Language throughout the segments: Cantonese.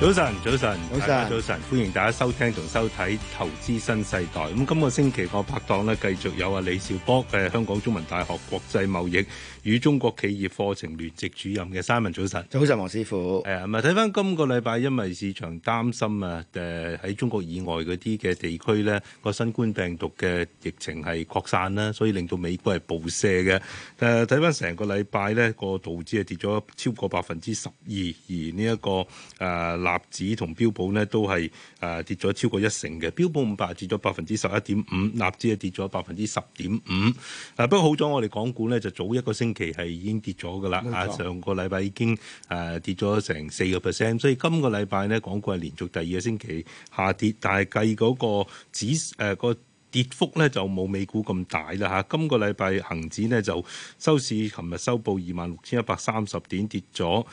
早晨，早晨，早晨，早晨，歡迎大家收聽同收睇《投資新世代》。咁、嗯、今個星期個拍檔咧，繼續有啊李兆波嘅香港中文大學國際貿易與中國企業課程聯席主任嘅 Simon。早晨，早晨，黃師傅。誒，咁啊，睇翻今個禮拜，因為市場擔心啊，誒、呃、喺中國以外嗰啲嘅地區咧，個新冠病毒嘅疫情係擴散啦，所以令到美國係暴瀉嘅。誒、啊，睇翻成個禮拜咧，個道指係跌咗超過百分之十二，而呢、這、一個誒。呃呃呃呃呃呃呃納指同標普呢都係誒、呃、跌咗超過一成嘅，標普五百跌咗百分之十一點五，納指咧跌咗百分之十點五。啊、呃，不過好彩我哋港股呢，就早一個星期係已經跌咗噶啦，啊冇錯。上個禮拜已經誒、呃、跌咗成四個 percent，所以今個禮拜呢，港股係連續第二個星期下跌，但係計嗰個指誒、呃、那個。跌幅咧就冇美股咁大啦嚇，今個禮拜恒指呢就收市，琴日收報二萬六千一百三十點，跌咗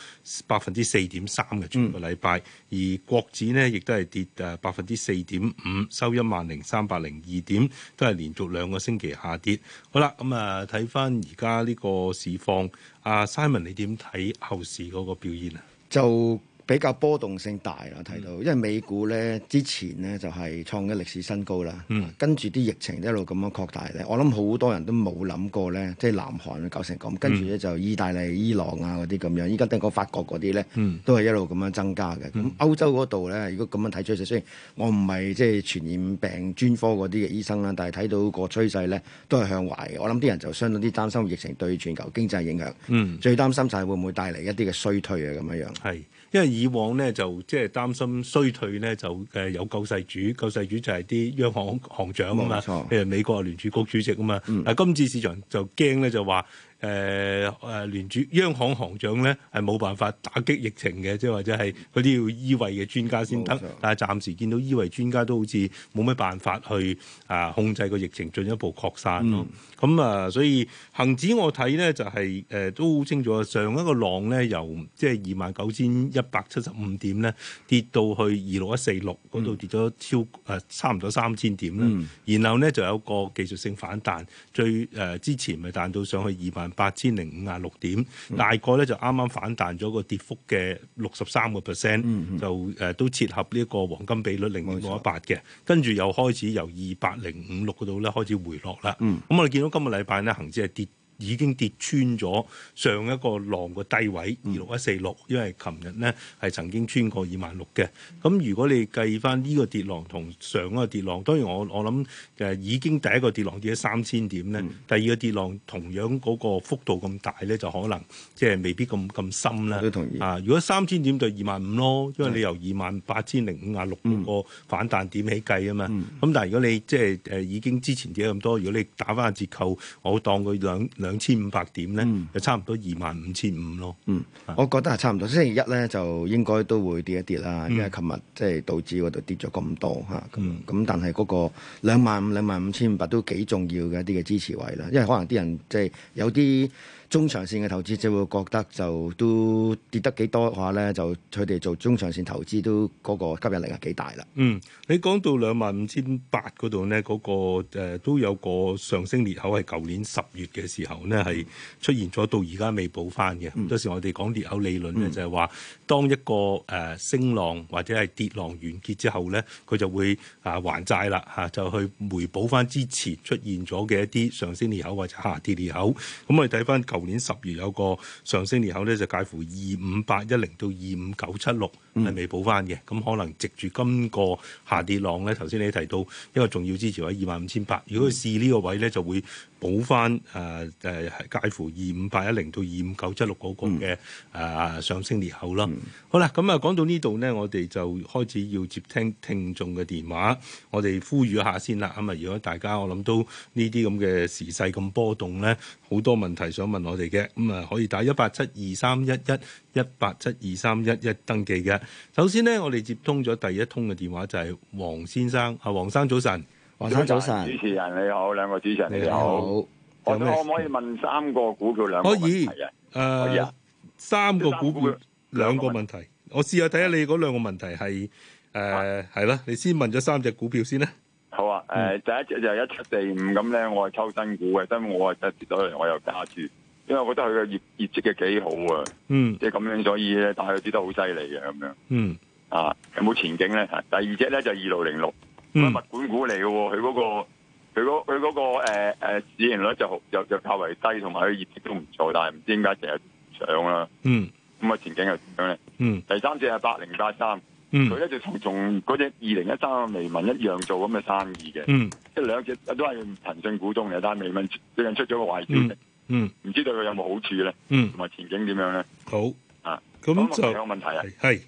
百分之四點三嘅全個禮拜。嗯、而國指呢亦都係跌誒百分之四點五，收一萬零三百零二點，都係連續兩個星期下跌。好啦，咁啊睇翻而家呢個市況，阿、啊、Simon 你點睇後市嗰個表現啊？就比較波動性大啦，睇到，因為美股咧之前咧就係、是、創咗歷史新高啦，嗯、跟住啲疫情一路咁樣擴大咧，我諗好多人都冇諗過咧，即係南韓搞成咁，跟住咧就意大利、伊朗啊嗰啲咁樣，依家聽講法國嗰啲咧，都係一路咁樣增加嘅。咁、嗯、歐洲嗰度咧，如果咁樣睇趨勢，雖然我唔係即係傳染病專科嗰啲嘅醫生啦，但係睇到個趨勢咧都係向壞嘅。我諗啲人就相當啲擔心疫情對全球經濟影響，嗯、最擔心就係會唔會帶嚟一啲嘅衰退啊咁樣。係，因為。以往咧就即係擔心衰退咧就誒有救世主，救世主就係啲央行行長啊嘛，譬如美國聯儲局主席啊嘛，嗱、嗯、今次市場就驚咧就話。誒誒聯儲央行行長咧係冇辦法打擊疫情嘅，即係或者係嗰啲要醫衞嘅專家先得，冇錯，但係暫時見到醫衞專家都好似冇咩辦法去啊控制個疫情進一步擴散咯。咁、嗯、啊，所以恒指我睇咧就係、是、誒、呃、都好清楚，上一個浪咧由即係二萬九千一百七十五點咧跌到去二六一四六嗰度跌咗超誒、嗯、差唔多三千點啦。嗯、然後咧就有個技術性反彈，最誒、呃、之前咪彈到上去二萬。八千零五啊，六點，大概咧，嗯、就啱啱反彈咗個跌幅嘅六十三個 percent，就誒、呃、都切合呢一個黃金比率零點六一八嘅。錯跟住又開始由二百零五六度咧開始回落啦。咁、嗯嗯、我哋見到今日禮拜咧，恒指係跌。已經跌穿咗上一個浪嘅低位二六一四六，46，因為琴日咧係曾經穿過二萬六嘅。咁如果你計翻呢個跌浪同上一個跌浪，當然我我諗誒、呃、已經第一個跌浪跌咗三千點咧，嗯、第二個跌浪同樣嗰個幅度咁大咧，就可能即係、就是、未必咁咁深啦。同啊，如果三千點就二萬五咯，因為你由二萬八千零五十六個反彈點起計啊嘛。咁、嗯嗯、但係如果你即係誒已經之前跌咗咁多，如果你打翻個折扣，我當佢兩兩兩千五百點咧，就差唔多二萬五千五咯。嗯，我覺得係差唔多。星期一咧，就應該都會跌一跌啦，因為琴日即係道指嗰度跌咗咁多吓。咁咁、嗯啊，但係嗰個兩萬兩萬五千五百都幾重要嘅一啲嘅支持位啦。因為可能啲人即係、就是、有啲。中長線嘅投資者會覺得就都跌得幾多嘅話咧，就佢哋做中長線投資都嗰、嗰個吸引力係幾大啦。嗯，你講到兩萬五千八嗰度呢嗰個、呃、都有個上升裂口係舊年十月嘅時候呢係出現咗到而家未補翻嘅。到有、嗯、時我哋講裂口理論呢就係話、嗯、當一個誒升浪或者係跌浪完結之後咧，佢就會啊還債啦嚇，就去回補翻之前出現咗嘅一啲上升裂口或者下跌裂口。咁我哋睇翻。舊年十月有個上升裂口咧，就介乎二五八一零到二五九七六，係未補翻嘅。咁、嗯、可能藉住今個下跌浪咧，頭先你提到一個重要支持位二萬五千八，如果佢試呢個位咧，就會，補翻誒誒，介乎二五八一零到二五九七六嗰個嘅誒上升裂口咯。嗯、好啦，咁啊講到呢度呢，我哋就開始要接聽聽眾嘅電話。我哋呼籲一下先啦。咁啊，如果大家我諗都呢啲咁嘅時勢咁波動呢，好多問題想問我哋嘅，咁啊可以打一八七二三一一一八七二三一一登記嘅。首先呢，我哋接通咗第一通嘅電話就係、是、黃先生，啊黃生早晨。黃生早晨，主持人你好，兩個主持人你好。你好，我可唔可以問三個股票兩個問題啊？可以、呃，三個股票兩個，個問題，我試下睇下你嗰兩個問題係誒係啦，你先問咗三隻股票先啦。好啊，誒、呃、第一隻就一七四五咁咧、就是，我係抽新股嘅，因為我係特別多人我又揸住，因為我覺得佢嘅業業績嘅幾好啊，嗯，即係咁樣，所以咧但係跌得好犀利啊咁樣，嗯啊有冇前景咧？第二隻咧就二六零六。佢係物管股嚟嘅，佢嗰個佢佢個誒誒市盈率就又又較為低，同埋佢業績都唔錯，但係唔知點解成日上啦。嗯，咁啊前景又點樣咧？嗯，第三隻係八零八三，佢一直同同嗰隻二零一三嘅微盟一樣做咁嘅生意嘅。嗯，即係兩隻都係騰訊股東嚟，但係微盟最近出咗個壞招。嗯，唔知對佢有冇好處咧？嗯，同埋前景點樣咧？好。啊，咁就。有冇問題啊？係，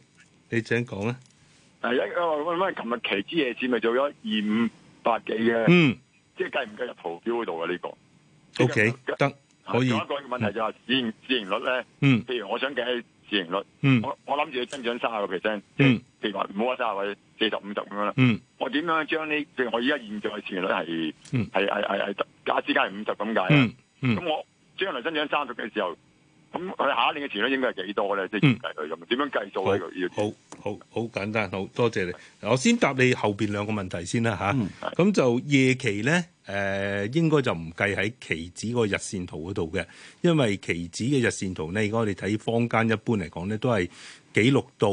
你請講啦。係一，我諗琴日奇株椰子咪做咗二五八幾嘅，嗯，即係計唔計入圖表嗰度嘅呢個？O K 得可以。一個問題就係自自營率咧，嗯，譬如我想計自營率嗯嗯，嗯，我我諗住要增長十個 percent，嗯，譬如話唔好話卅個，四十五十咁樣啦，嗯，我點樣將呢？譬如我依家現在自營率係，嗯，係係係係加之間係五十咁解啦，嗯，咁我將來增長三十嘅時候。咁佢下一年嘅潛力應該係幾多咧？即係預計佢咁點樣計數咧？好好好簡單，好多謝你。我先答你後邊兩個問題先啦吓，咁、嗯、就夜期咧，誒、呃、應該就唔計喺期指個日線圖嗰度嘅，因為期指嘅日線圖咧，如果我哋睇坊間一般嚟講咧，都係記錄到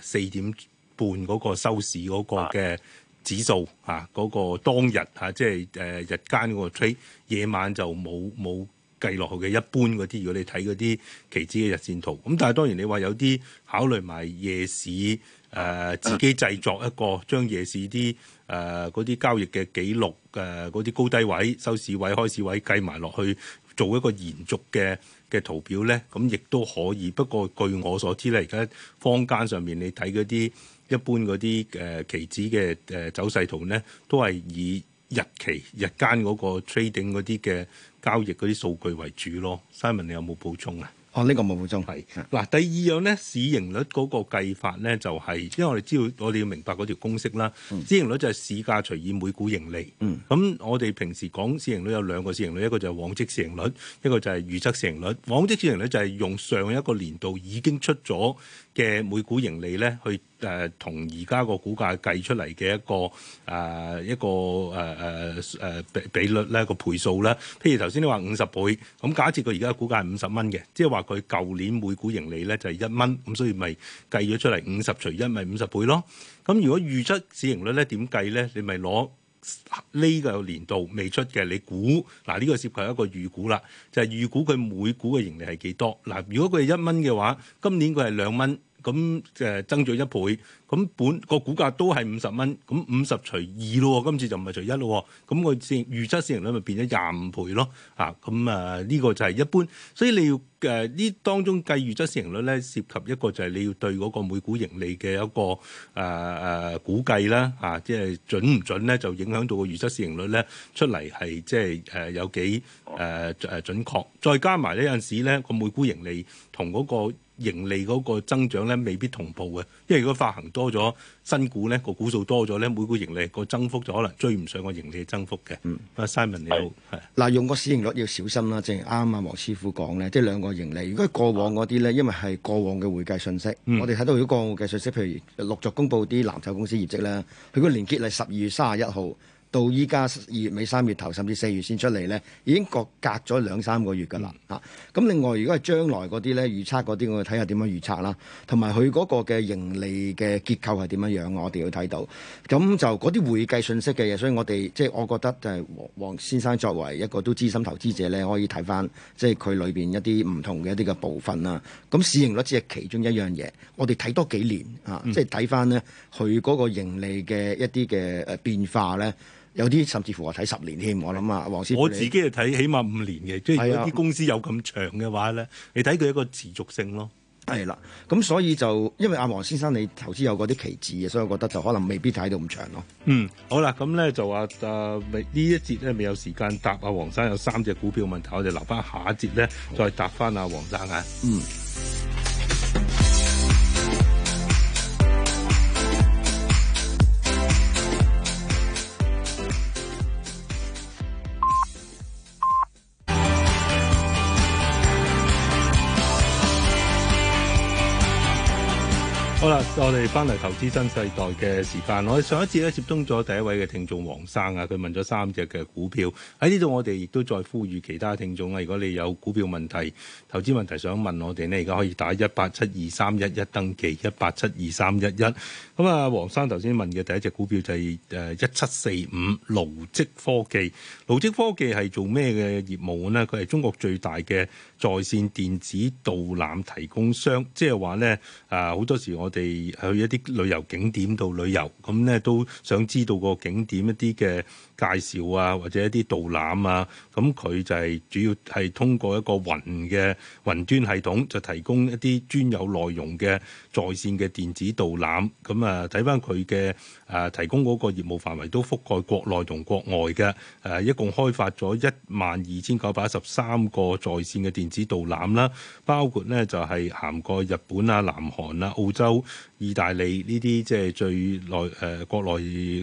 誒四點半嗰個收市嗰個嘅指數嚇，嗰的、啊那個當日嚇、啊，即係誒日間嗰個 trade，夜晚就冇冇。計落去嘅一般嗰啲，如果你睇嗰啲期指嘅日線圖，咁但係當然你話有啲考慮埋夜市，誒、呃、自己製作一個將夜市啲誒嗰啲交易嘅記錄，誒嗰啲高低位、收市位、開市位計埋落去，做一個延續嘅嘅圖表咧，咁亦都可以。不過據我所知咧，而家坊間上面你睇嗰啲一般嗰啲誒期指嘅誒、呃、走勢圖咧，都係以日期日間嗰個 trading 嗰啲嘅交易嗰啲數據為主咯，Simon 你有冇補充啊？哦，呢個冇補充係。嗱是是，第二樣咧，市盈率嗰個計法咧就係，因為我哋知道我哋要明白嗰條公式啦。嗯、市盈率就係市價除以每股盈利。咁、嗯、我哋平時講市盈率有兩個市盈率，一個就係往績市盈率，一個就係預測市盈率。往績市盈率就係用上一個年度已經出咗嘅每股盈利咧去。誒、呃、同而家個股價計出嚟嘅一個誒、呃、一個誒誒誒比比率咧個倍數咧，譬如頭先你話五十倍，咁假設佢而家股價係五十蚊嘅，即係話佢舊年每股盈利咧就係一蚊，咁所以咪計咗出嚟五十除一咪五十倍咯。咁如果預測市盈率咧點計咧？你咪攞呢個年度未出嘅你估嗱。呢個涉及一個預估啦，就係、是、預估佢每股嘅盈利係幾多嗱？如果佢係一蚊嘅話，今年佢係兩蚊。咁誒、呃、增咗一倍，咁本個股價都係五十蚊，咁五十除二咯，今次就唔係除一咯，咁、個先預測市盈率咪變咗廿五倍咯，啊，咁啊呢、呢個就係一般，所以你要誒呢、啊、當中計預測市盈率咧，涉及一個就係你要對嗰個每股盈利嘅一個誒誒、呃呃、估計啦，啊，即、就、係、係、準唔準咧，就影響到個預測市盈率咧出嚟係即係誒有幾誒誒、呃、準確，再加埋呢陣時咧個每股盈利同嗰、個。盈利嗰個增長咧，未必同步嘅，因為如果發行多咗新股咧，個股數多咗咧，每股盈利個增幅就可能追唔上個盈利嘅增幅嘅。嗯，阿 Simon 你好，係嗱是，是用個市盈率要小心啦，正如啱啱阿黃師傅講咧，即、就、係、是、兩個盈利。如果過往嗰啲咧，是因為係過往嘅會計信息，嗯、我哋睇到如果過往嘅會計信息，譬如陸續公佈啲藍籌公司業績咧，佢個年結係十二月三十一號。到依家二月尾、三月頭甚至四月先出嚟咧，已經隔隔咗兩三個月噶啦吓。咁、嗯、另外，如果係將來嗰啲咧預測嗰啲，我哋睇下點樣預測啦。同埋佢嗰個嘅盈利嘅結構係點樣樣，我哋要睇到。咁就嗰啲會計信息嘅嘢，所以我哋即係我覺得就係黃先生作為一個都資深投資者咧，可以睇翻即係佢裏邊一啲唔同嘅一啲嘅部分啦。咁市盈率只係其中一樣嘢，我哋睇多幾年、嗯、啊，即係睇翻咧佢嗰個盈利嘅一啲嘅變化咧。有啲甚至乎我睇十年添，我諗啊，黃先生我自己係睇起碼五年嘅，即係嗰啲公司有咁長嘅話咧，你睇佢一個持續性咯，係啦、啊。咁所以就因為阿黃先生你投資有嗰啲期指嘅，所以我覺得就可能未必睇到咁長咯。嗯，好啦，咁咧就話誒，呢、啊、一節咧未有時間答阿、啊、黃生有三隻股票問題，我哋留翻下,下一節咧再答翻阿黃生啊。嗯。我哋翻嚟投資新世代嘅時間，我哋上一次咧接通咗第一位嘅聽眾黃生啊，佢問咗三隻嘅股票喺呢度，我哋亦都再呼籲其他聽眾啊，如果你有股票問題、投資問題想問我哋呢，而家可以打一八七二三一一，登記一八七二三一一。咁啊，黃生頭先問嘅第一隻股票就係誒一七四五勞積科技。驢跡科技係做咩嘅業務咧？佢係中國最大嘅在綫電子導覽提供商。即係話咧，啊、呃、好多時我哋去一啲旅遊景點度旅遊，咁、嗯、咧都想知道個景點一啲嘅介紹啊，或者一啲導覽啊，咁、嗯、佢就係主要係通過一個雲嘅雲端系統就提供一啲專有內容嘅在綫嘅電子導覽，咁、嗯、啊，睇翻佢嘅誒提供嗰個業務範圍都覆蓋國內同國外嘅，誒、呃。一。共開發咗一萬二千九百一十三個在線嘅電子導覽啦，包括呢就係涵蓋日本啊、南韓啊、澳洲、意大利呢啲，即係最內誒、呃、國內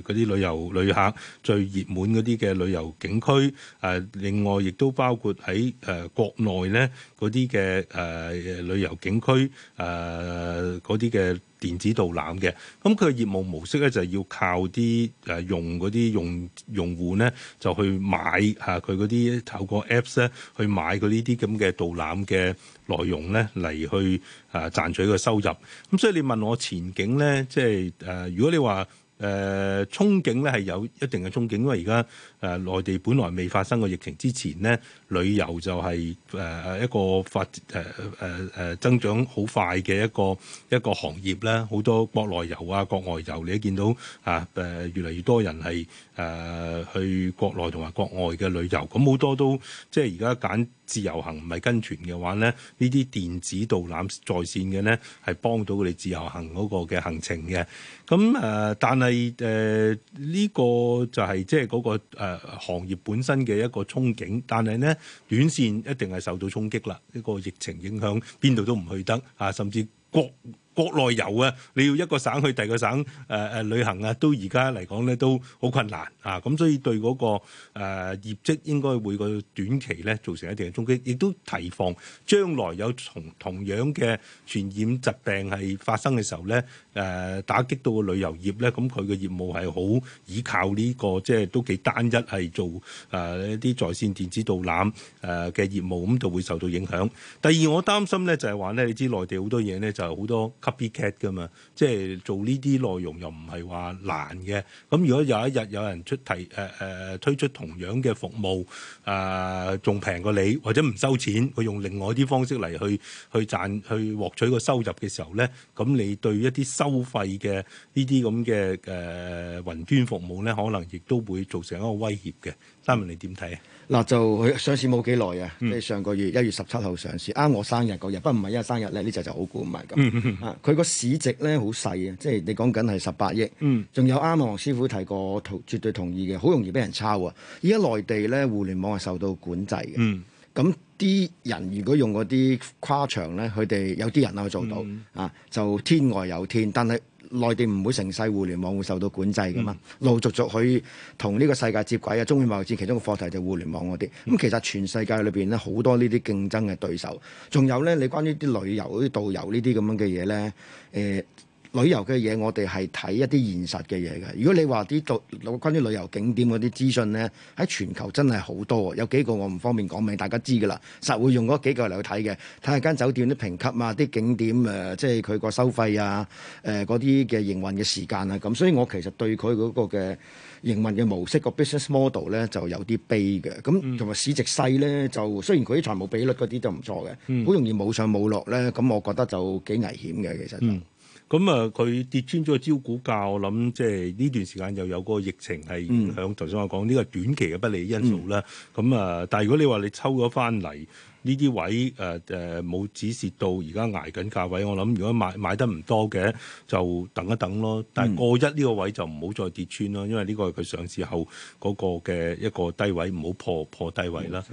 嗰啲旅遊旅客最熱門嗰啲嘅旅遊景區。誒、呃，另外亦都包括喺誒、呃、國內呢嗰啲嘅誒旅遊景區誒嗰啲嘅。呃電子導覽嘅，咁佢嘅業務模式咧就係要靠啲誒、啊、用嗰啲用用戶咧，就去買吓佢嗰啲透過 Apps 咧去買佢呢啲咁嘅導覽嘅內容咧嚟去誒、啊、賺取個收入。咁、啊、所以你問我前景咧，即係誒如果你話誒、啊、憧憬咧係有一定嘅憧憬，因為而家。誒內地本來未發生過疫情之前咧，旅遊就係誒一個發誒誒誒增長好快嘅一個一個行業啦。好多國內遊啊、國外遊，你都見到啊誒、呃，越嚟越多人係誒、呃、去國內同埋國外嘅旅遊。咁、嗯、好多都即係而家揀自由行唔係跟團嘅話咧，呢啲電子導覽在線嘅咧係幫到佢哋自由行嗰個嘅行程嘅。咁、嗯、誒、呃，但係誒呢個就係、是、即係嗰、那個。呃誒、啊、行業本身嘅一個憧憬，但係呢短線一定係受到衝擊啦，呢個疫情影響邊度都唔去得啊，甚至國。國內遊啊，你要一個省去第二個省，誒誒、呃呃、旅行啊，都而家嚟講咧都好困難啊！咁所以對嗰、那個誒、呃、業績應該會個短期咧造成一定嘅衝擊，亦都提防將來有同同樣嘅傳染疾病係發生嘅時候咧，誒、呃、打擊到個旅遊業咧，咁佢嘅業務係好依靠呢、這個即係都幾單一係做誒、呃、一啲在線電子導覽誒嘅業務，咁就會受到影響。第二，我擔心咧就係話咧，你知內地好多嘢咧就係好多。Copycat 㗎嘛，即係做呢啲內容又唔係話難嘅。咁如果有一日有人出提誒誒、呃、推出同樣嘅服務，誒仲平過你或者唔收錢，佢用另外啲方式嚟去去賺去獲取個收入嘅時候咧，咁你對一啲收費嘅呢啲咁嘅誒雲端服務咧，可能亦都會造成一個威脅嘅。三文你，你點睇？嗱、啊、就佢上市冇幾耐啊，嗯、即係上個月一月十七號上市，啱我生日嗰日，不過唔係因為生日咧呢隻、這個、就好估唔係咁啊。佢個市值咧好細嘅，即係你講緊係十八億，仲、嗯、有啱啊。黃師傅提過，同絕對同意嘅，好容易俾人抄啊。而家內地咧互聯網係受到管制嘅，嗯，咁啲人如果用嗰啲跨牆咧，佢哋有啲人可以做到、嗯、啊，就天外有天，但係。內地唔會成世互聯網會受到管制噶嘛，陸、嗯、續續去同呢個世界接軌啊。中英貿易戰其中嘅課題就互聯網嗰啲，咁、嗯、其實全世界裏邊咧好多呢啲競爭嘅對手，仲有咧你關於啲旅遊啲導遊呢啲咁樣嘅嘢咧，誒、呃。旅遊嘅嘢我哋係睇一啲現實嘅嘢嘅。如果你話啲讀關於旅遊景點嗰啲資訊咧，喺全球真係好多。有幾個我唔方便講，畀大家知㗎啦。實會用嗰幾個嚟去睇嘅，睇下間酒店啲評級啊，啲景點誒、呃，即係佢個收費啊，誒嗰啲嘅營運嘅時間啊，咁。所以我其實對佢嗰個嘅營運嘅模式個 business model 咧就有啲悲嘅。咁同埋市值細咧，就雖然佢啲財務比率嗰啲都唔錯嘅，好、嗯、容易冇上冇落咧。咁我覺得就幾危險嘅，其實。嗯咁啊，佢跌穿咗個招股價，我諗即係呢段時間又有嗰個疫情係影響。頭先、嗯、我講呢個短期嘅不利因素啦。咁啊、嗯，但係如果你話你抽咗返嚟呢啲位，誒誒冇止蝕到而家捱緊價位，我諗如果買買得唔多嘅，就等一等咯。但係過一呢個位就唔好再跌穿咯，因為呢個係佢上市後嗰個嘅一個低位，唔好破破低位啦。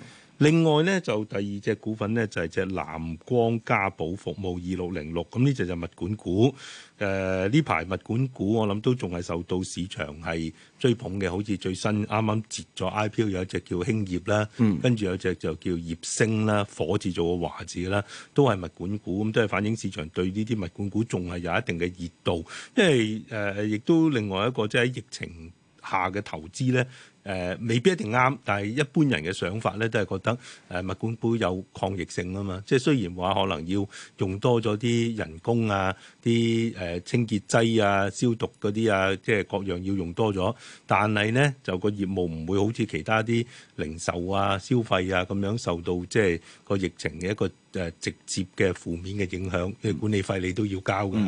另外咧就第二隻股份咧就係、是、隻藍光家寶服務二六零六，咁呢隻就物管股。誒呢排物管股我諗都仲係受到市場係追捧嘅，好似最新啱啱截咗 IPO 有一隻叫興業啦，嗯、跟住有隻就叫燁星啦，火字做個華字啦，都係物管股，咁都係反映市場對呢啲物管股仲係有一定嘅熱度。因為誒亦、呃、都另外一個即係喺疫情下嘅投資咧。誒、呃、未必一定啱，但係一般人嘅想法咧，都係覺得誒、呃、物管杯有抗逆性啊嘛。即係雖然話可能要用多咗啲人工啊。啲誒清潔劑啊、消毒嗰啲啊，即係各樣要用多咗，但係咧就個業務唔會好似其他啲零售啊、消費啊咁樣受到即係、就是、個疫情嘅一個誒直接嘅負面嘅影響，管理費你都要交㗎。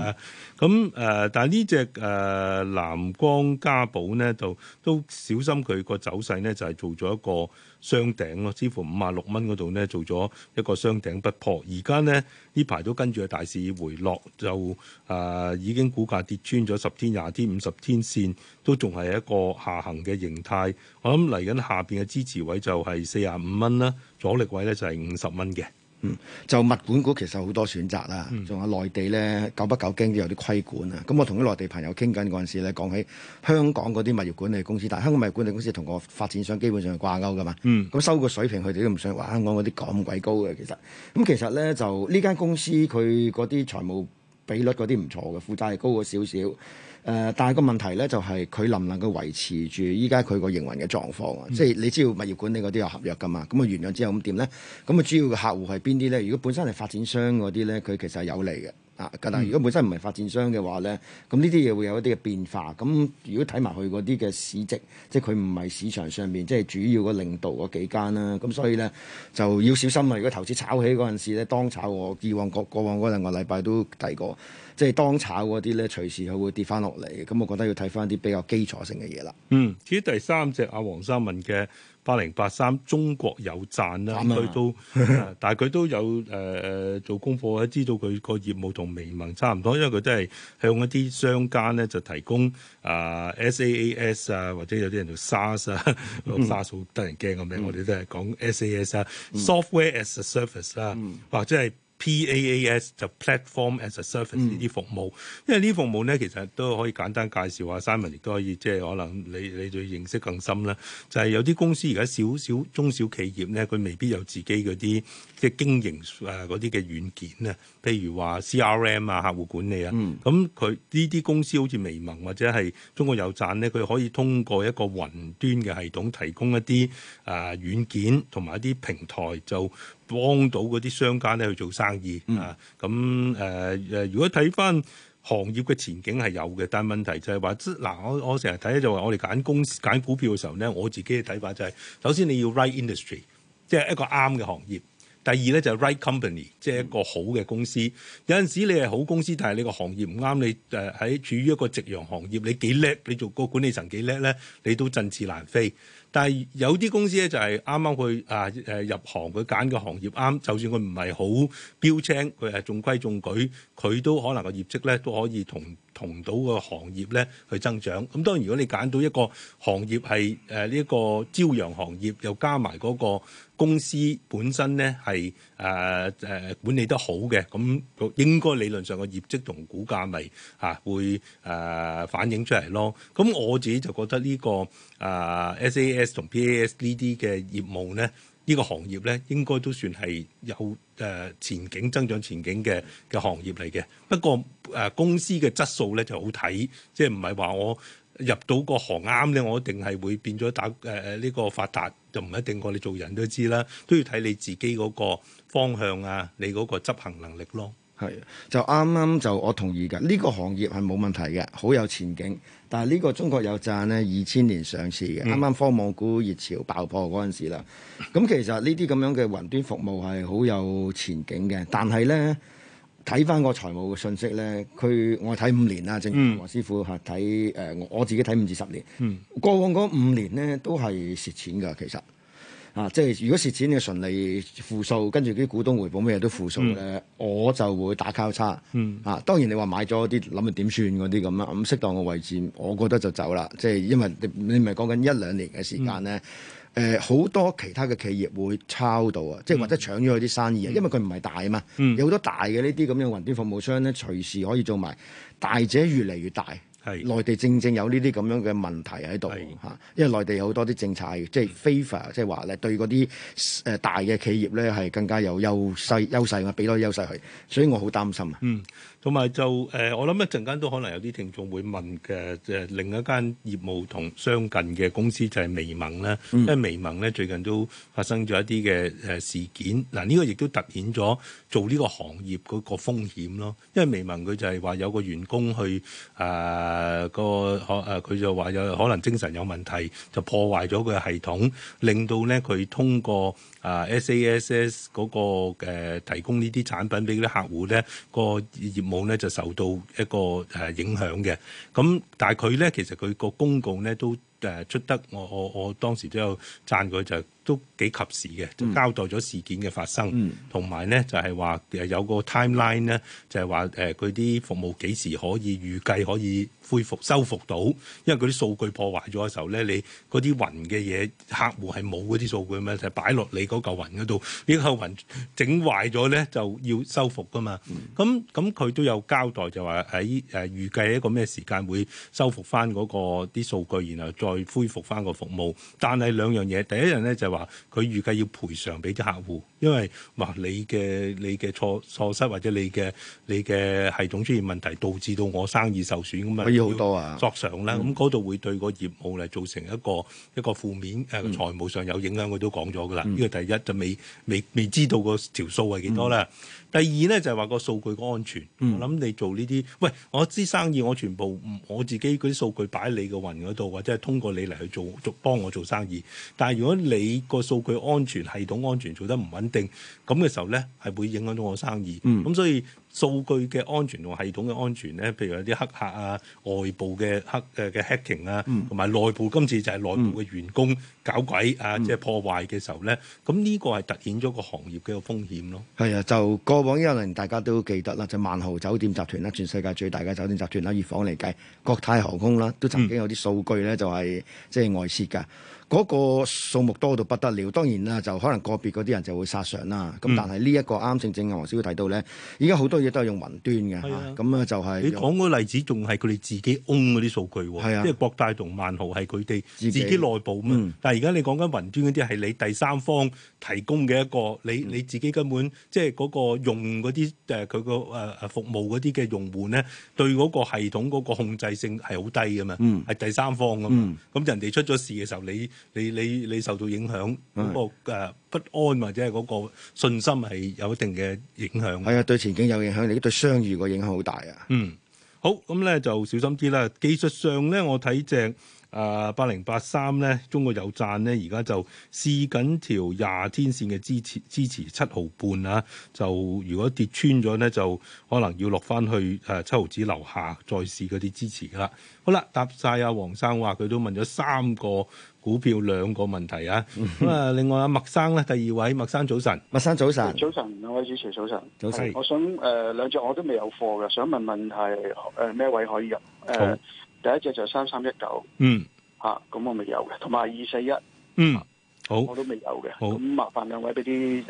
咁誒、嗯啊，但係呢隻誒藍光家寶咧，就都小心佢個走勢咧，就係、是、做咗一個，雙頂咯，幾乎五啊六蚊嗰度咧做咗一個雙頂不破，而家咧呢排都跟住個大市回落，就啊、呃、已經股價跌穿咗十天、廿天、五十天線，都仲係一個下行嘅形態。我諗嚟緊下邊嘅支持位就係四啊五蚊啦，阻力位咧就係五十蚊嘅。嗯、就物管股其實好多選擇啦，仲、嗯、有內地咧，久不久驚都有啲規管啊。咁、嗯嗯、我同啲內地朋友傾緊嗰陣時咧，講起香港嗰啲物業管理公司，但係香港物業管理公司同個發展商基本上係掛鈎噶嘛。嗯，咁收個水平佢哋都唔想話香港嗰啲咁鬼高嘅，其實咁其實咧就呢間公司佢嗰啲財務比率嗰啲唔錯嘅，負債係高少少。誒、呃，但係個問題咧，就係、是、佢能唔能夠維持住依家佢個營運嘅狀況啊？嗯、即係你知，要物業管理嗰啲有合約㗎嘛？咁啊，完咗之後咁點咧？咁啊，主要嘅客戶係邊啲咧？如果本身係發展商嗰啲咧，佢其實係有利嘅啊。但係如果本身唔係發展商嘅話咧，咁呢啲嘢會有一啲嘅變化。咁如果睇埋佢嗰啲嘅市值，即係佢唔係市場上面即係主要個領導嗰幾間啦。咁所以咧、嗯、就要小心啊！如果投資炒起嗰陣時咧，當炒我以往過往嗰兩個禮拜都提過。即係當炒嗰啲咧，隨時可能會跌翻落嚟。咁我覺得要睇翻啲比較基礎性嘅嘢啦。嗯，至於第三隻阿黃生問嘅八零八三83，中國有贊啦，佢、嗯啊、都 但係佢都有誒、呃、做功課，知道佢個業務同微盟差唔多，因為佢都係向一啲商家咧就提供啊 SaaS 啊，或者有啲人叫 SARS 啊，SARS 好得人驚咁樣。我哋都係講 SaaS 啊，Software as a Service 啊，或者係。PaaS 就 platform as a service 呢啲、嗯、服務，因為呢啲服務咧其實都可以簡單介紹下，Simon 亦都可以即係可能你你對認識更深啦。就係、是、有啲公司而家少少中小企業咧，佢未必有自己嗰啲即係經營啊嗰啲嘅軟件啊，譬如話 CRM 啊、客戶管理啊，咁佢呢啲公司好似微盟或者係中國有贊咧，佢可以通過一個雲端嘅系統提供一啲啊、呃、軟件同埋一啲平台就。幫到嗰啲商家咧去做生意、嗯、啊！咁誒誒，如果睇翻行業嘅前景係有嘅，但係問題就係話，嗱，我我成日睇咧就話，我哋揀公司、揀股票嘅時候咧，我自己嘅睇法就係，首先你要 right industry，即係一個啱嘅行業；第二咧就係 right company，即係一個好嘅公司。嗯、有陣時你係好公司，但係你個行業唔啱，你誒喺、呃、處於一個夕陽行業，你幾叻，你做個管理層幾叻咧，你都振翅難飛。但係有啲公司咧就係啱啱去啊誒入行，佢揀嘅行業啱，就算佢唔係好標青，佢係中規中矩，佢都可能個業績咧都可以同。同到個行業咧去增長，咁當然如果你揀到一個行業係誒呢個朝陽行業，又加埋嗰個公司本身咧係誒誒管理得好嘅，咁應該理論上個業績同股價咪嚇會誒反映出嚟咯。咁我自己就覺得呢個誒 SAS 同 PAS 呢啲嘅業務咧。呢個行業咧，應該都算係有誒前景增長前景嘅嘅行業嚟嘅。不過誒公司嘅質素咧就好睇，即係唔係話我入到個行啱咧，我一定係會變咗打誒誒呢個發達，就唔一定過你做人都知啦，都要睇你自己嗰個方向啊，你嗰個執行能力咯。係，就啱啱就我同意㗎。呢個行業係冇問題嘅，好有前景。嗱，呢個中國有贊咧，二千年上市嘅，啱啱、嗯、科網股熱潮爆破嗰陣時啦。咁其實呢啲咁樣嘅雲端服務係好有前景嘅，但係咧睇翻個財務嘅信息咧，佢我睇五年啦，正如黃師傅嚇睇誒，我自己睇五至十年。嗯、過往嗰五年咧都係蝕錢㗎，其實。啊，即係如果蝕錢嘅純利負數，跟住啲股東回報咩都負數咧，嗯、我就會打交叉。嗯、啊，當然你話買咗啲諗住點算嗰啲咁啊，咁適當嘅位置，我覺得就走啦。即係因為你唔係講緊一兩年嘅時間咧，誒好、嗯呃、多其他嘅企業會抄到啊，即係或者搶咗佢啲生意啊，嗯、因為佢唔係大啊嘛，嗯、有好多大嘅呢啲咁樣雲端服務商咧，隨時可以做埋，大者越嚟越大。越係內地正正有呢啲咁樣嘅問題喺度嚇，是因為內地好多啲政策係即係 favor，即係話咧對嗰啲誒大嘅企業咧係更加有優勢，優勢，我俾多優勢佢，所以我好擔心啊。嗯同埋就誒，我諗一陣間都可能有啲聽眾會問嘅，即係另一間業務同相近嘅公司就係微盟啦、嗯這個。因為微盟咧最近都發生咗一啲嘅誒事件，嗱呢個亦都突顯咗做呢個行業嗰個風險咯。因為微盟佢就係話有個員工去誒個可誒，佢、呃、就話有可能精神有問題，就破壞咗佢嘅系統，令到咧佢通過。啊，S A S S 嗰、那個誒、呃、提供呢啲產品俾啲客戶咧，個業務咧就受到一個誒、呃、影響嘅。咁、嗯、但係佢咧其實佢個公告咧都誒、呃、出得，我我我當時都有讚佢就是。都幾及時嘅，就交代咗事件嘅發生，同埋咧就係話誒有個 timeline 咧，就係話誒佢啲服務幾時可以預計可以恢復修復到，因為嗰啲數據破壞咗嘅時候咧，你啲雲嘅嘢，客戶係冇嗰啲數據咩，就擺落你嗰嚿雲度，呢個雲整壞咗咧就要修復噶嘛。咁咁佢都有交代就話喺誒預計一個咩時間會修復翻嗰個啲數據，然後再恢復翻個服務，但係兩樣嘢，第一樣咧就。話佢預計要賠償俾啲客戶，因為話你嘅你嘅錯錯失或者你嘅你嘅系統出現問題，導致到我生意受損咁咪好多啊，作償啦。咁嗰度會對個業務嚟造成一個一個負面誒財、嗯啊、務上有影響。佢都講咗噶啦，呢、嗯、個第一就未未未，未知道個條數係幾多啦。嗯嗯第二咧就係、是、話個數據安全，嗯、我諗你做呢啲，喂，我知生意我全部我自己嗰啲數據擺喺你個雲嗰度，或者係通過你嚟去做，做幫我做生意。但係如果你個數據安全系統安全做得唔穩定，咁嘅時候咧係會影響到我生意。咁、嗯、所以。數據嘅安全同系統嘅安全咧，譬如有啲黑客啊、外部嘅黑嘅嘅 hacking 啊、嗯，同埋內部今次就係內部嘅員工搞鬼啊，嗯、即係破壞嘅時候咧，咁呢個係突顯咗個行業嘅個風險咯。係啊，就過往一年大家都記得啦，就係、萬豪酒店集團啦，全世界最大嘅酒店集團啦，以房嚟計，國泰航空啦，都曾經有啲數據咧，就係即係外泄㗎。嗰個數目多到不得了，當然啦，就可能個別嗰啲人就會殺上啦。咁、嗯、但係呢一個啱正正黃小姐提到咧，而家好多嘢都係用雲端嘅咁啊，啊就係你講嗰個例子仲係佢哋自己 own 嗰啲數據喎，啊、即係國泰同萬豪係佢哋自己內部嘛。己嗯、但係而家你講緊雲端嗰啲係你第三方提供嘅一個，你你自己根本即係嗰個用嗰啲誒佢個誒誒服務嗰啲嘅用戶咧，對嗰個系統嗰個控制性係好低嘅嘛，係、嗯、第三方咁。咁、嗯、人哋出咗事嘅時候你？你你你受到影響，嗰、嗯、個不安或者係嗰個信心係有一定嘅影響。係啊，對前景有影響，而且對商譽個影響好大啊。嗯，好，咁咧就小心啲啦。技術上咧，我睇只。啊，八零八三咧，中國有賺咧，而家就試緊條廿天線嘅支持，支持七毫半啊。就如果跌穿咗咧，就可能要落翻去誒七毫子樓下再試嗰啲支持噶啦。好啦，答晒阿黃生話，佢都問咗三個股票兩個問題啊。咁啊、嗯哼，另外阿麥生咧，第二位麥生早晨，麥生早晨，早晨兩位主持早晨，早晨。早晨，我想誒兩隻我都未有貨嘅，想問問係誒咩位可以入誒？呃第一隻就三三一九，嗯，嚇、啊，咁我未有嘅，同埋二四一，嗯，好，我都未有嘅，好，咁麻煩兩位俾啲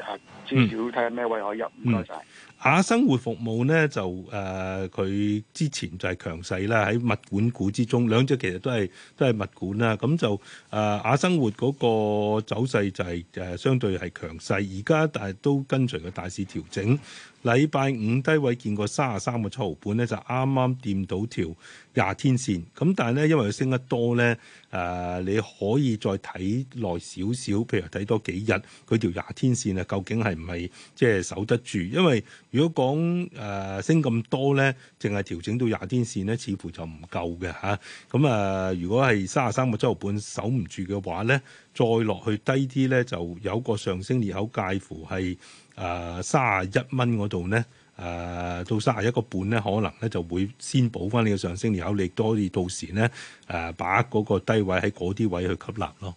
資料睇下咩位可以入，唔該晒。謝謝嗯亞生活服務咧就誒佢、呃、之前就係強勢啦，喺物管股之中兩隻其實都係都係物管啦，咁就誒、呃、亞生活嗰個走勢就係、是、誒、呃、相對係強勢，而家但係都跟隨個大市調整。禮拜五低位見過卅三個七毫半咧，就啱啱掂到條廿天線。咁但係咧，因為佢升得多咧，誒、呃、你可以再睇耐少少，譬如睇多幾日，佢條廿天線啊，究竟係唔係即係守得住？因為如果講誒、呃、升咁多咧，淨係調整到廿天線咧，似乎就唔夠嘅嚇。咁啊、呃，如果係三啊三個週半守唔住嘅話咧，再落去低啲咧，就有個上升裂口介乎係誒三啊一蚊嗰度咧，誒、呃呃、到三啊一個半咧，可能咧就會先補翻你個上升裂口，你多以到時咧誒、呃、把握嗰個低位喺嗰啲位去吸納咯。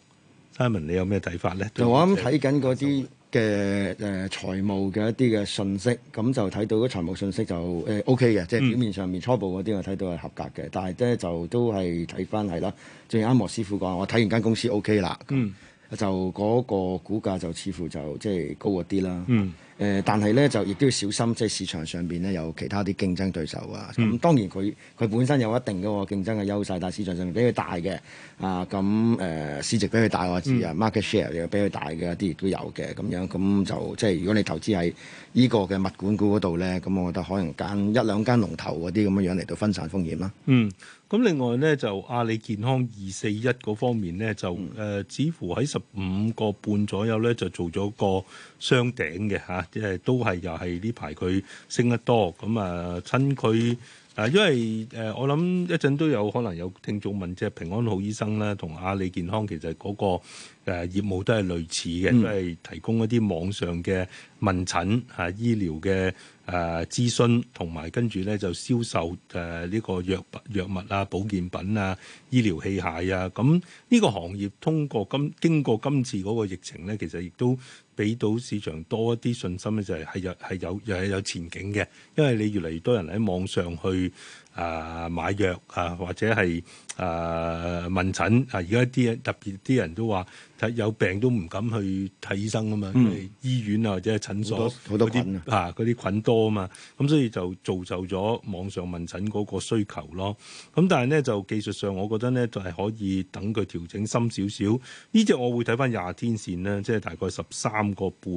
Simon，你有咩睇法咧？我就我啱睇緊嗰啲。嘅誒、呃、財務嘅一啲嘅信息，咁就睇到嗰財務信息就誒、呃、OK 嘅，即、就、係、是、表面上面初步嗰啲、嗯、我睇到係合格嘅，但係咧就都係睇翻係啦。正如啱莫師傅講，我睇完間公司 OK 啦，嗯、那就嗰個股價就似乎就即係、就是、高一啲啦。嗯誒，但係咧就亦都要小心，即係市場上邊咧有其他啲競爭對手啊。咁當然佢佢本身有一定嘅競爭嘅優勢，但係市場上面比佢大嘅啊，咁、啊、誒市值比佢大我知啊，market share 又比佢大嘅一啲亦都有嘅咁樣，咁就即係如果你投資喺呢個嘅物管股嗰度咧，咁我覺得可能揀一兩間龍頭嗰啲咁嘅樣嚟到分散風險啦。嗯，咁另外咧就阿里健康二四一嗰方面咧就誒、呃，似乎喺十五個半左右咧就做咗個雙頂嘅嚇，即係都係又係呢排佢升得多咁啊！親佢啊，因為誒、呃，我諗一陣都有可能有聽眾問，即係平安好醫生啦，同阿里健康，其實嗰、那個誒、啊、業務都係類似嘅，都係提供一啲網上嘅問診嚇、啊、醫療嘅誒諮詢，同埋跟住咧就銷售誒呢、啊這個藥藥物啊、保健品啊、醫療器械啊。咁、啊、呢、嗯這個行業通過，經過今經過今次嗰個疫情咧，其實亦都。俾到市場多一啲信心咧、就係，就係係有係有又係有前景嘅，因為你越嚟越多人喺網上去啊、呃、買藥啊，或者係。誒、呃、問診啊！而家啲人特別啲人都話睇有病都唔敢去睇醫生啊嘛，因、嗯、醫院啊或者診所嗰啲多些啊啲、啊、菌多啊嘛，咁、嗯、所以就造就咗網上問診嗰個需求咯。咁、嗯、但係咧就技術上，我覺得咧就係、是、可以等佢調整深少少。呢隻我會睇翻廿天線啦，即係大概十三個半。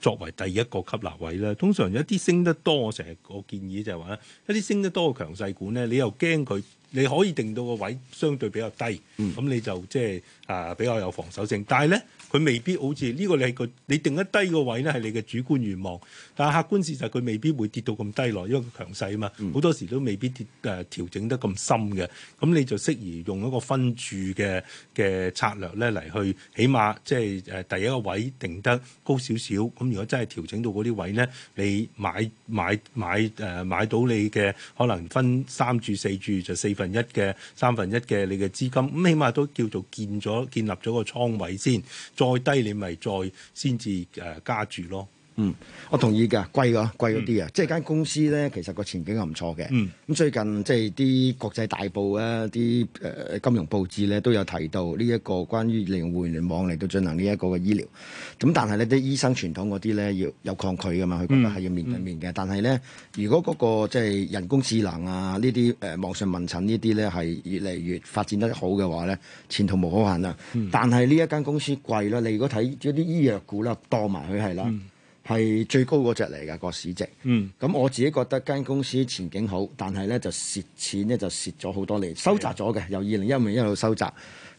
作為第一個吸納位咧，通常有一啲升得多，我成日個建議就係話咧，一啲升得多嘅強勢股咧，你又驚佢，你可以定到個位相對比較低，咁、嗯、你就即係啊比較有防守性，但係咧。佢未必好似呢、這個你係個你定得低個位咧，係你嘅主觀願望。但係客觀事實，佢未必會跌到咁低落，因為佢強勢啊嘛。好多時都未必跌誒調、呃、整得咁深嘅。咁你就適宜用一個分注嘅嘅策略咧嚟去，起碼、就是，起碼即係誒第一個位定得高少少。咁、嗯、如果真係調整到嗰啲位咧，你買買買誒、呃、買到你嘅可能分三注四注，就四分一嘅三分一嘅你嘅資金，咁、嗯、起碼都叫做建咗建立咗個倉位先。再低你咪再先至誒加住咯。嗯，我同意噶，貴啊，貴咗啲啊。嗯、即係間公司咧，其實個前景係唔錯嘅。咁、嗯、最近即係啲國際大報啊，啲誒金融報紙咧都有提到呢一個關於利用互聯網嚟到進行呢一個嘅醫療。咁但係咧啲醫生傳統嗰啲咧要有抗拒噶嘛，佢覺得係要面對面嘅。嗯嗯、但係咧，如果嗰、嗰個即係人工智能啊呢啲誒網上問診呢啲咧係越嚟越發展得好嘅話咧，前途無可限量。嗯、但係呢一間公司貴啦，你如果睇啲醫藥股啦，當埋佢係啦。嗯係最高嗰隻嚟噶個市值，咁、嗯、我自己覺得間公司前景好，但係咧就蝕錢咧就蝕咗好多年，收窄咗嘅，的由二零一五年一路收窄，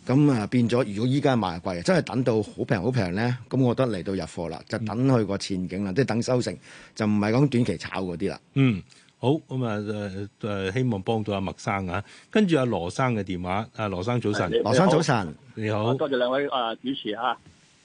咁啊變咗。如果依家賣貴，真係等到好平好平咧，咁我覺得嚟到入貨啦，就等佢個前景啦，即係、嗯、等收成，就唔係講短期炒嗰啲啦。嗯，好咁啊，誒、嗯、誒，希望幫到阿麥生啊，跟住阿羅生嘅電話，阿羅生早晨，羅生早晨，你好，多謝兩位啊主持嚇。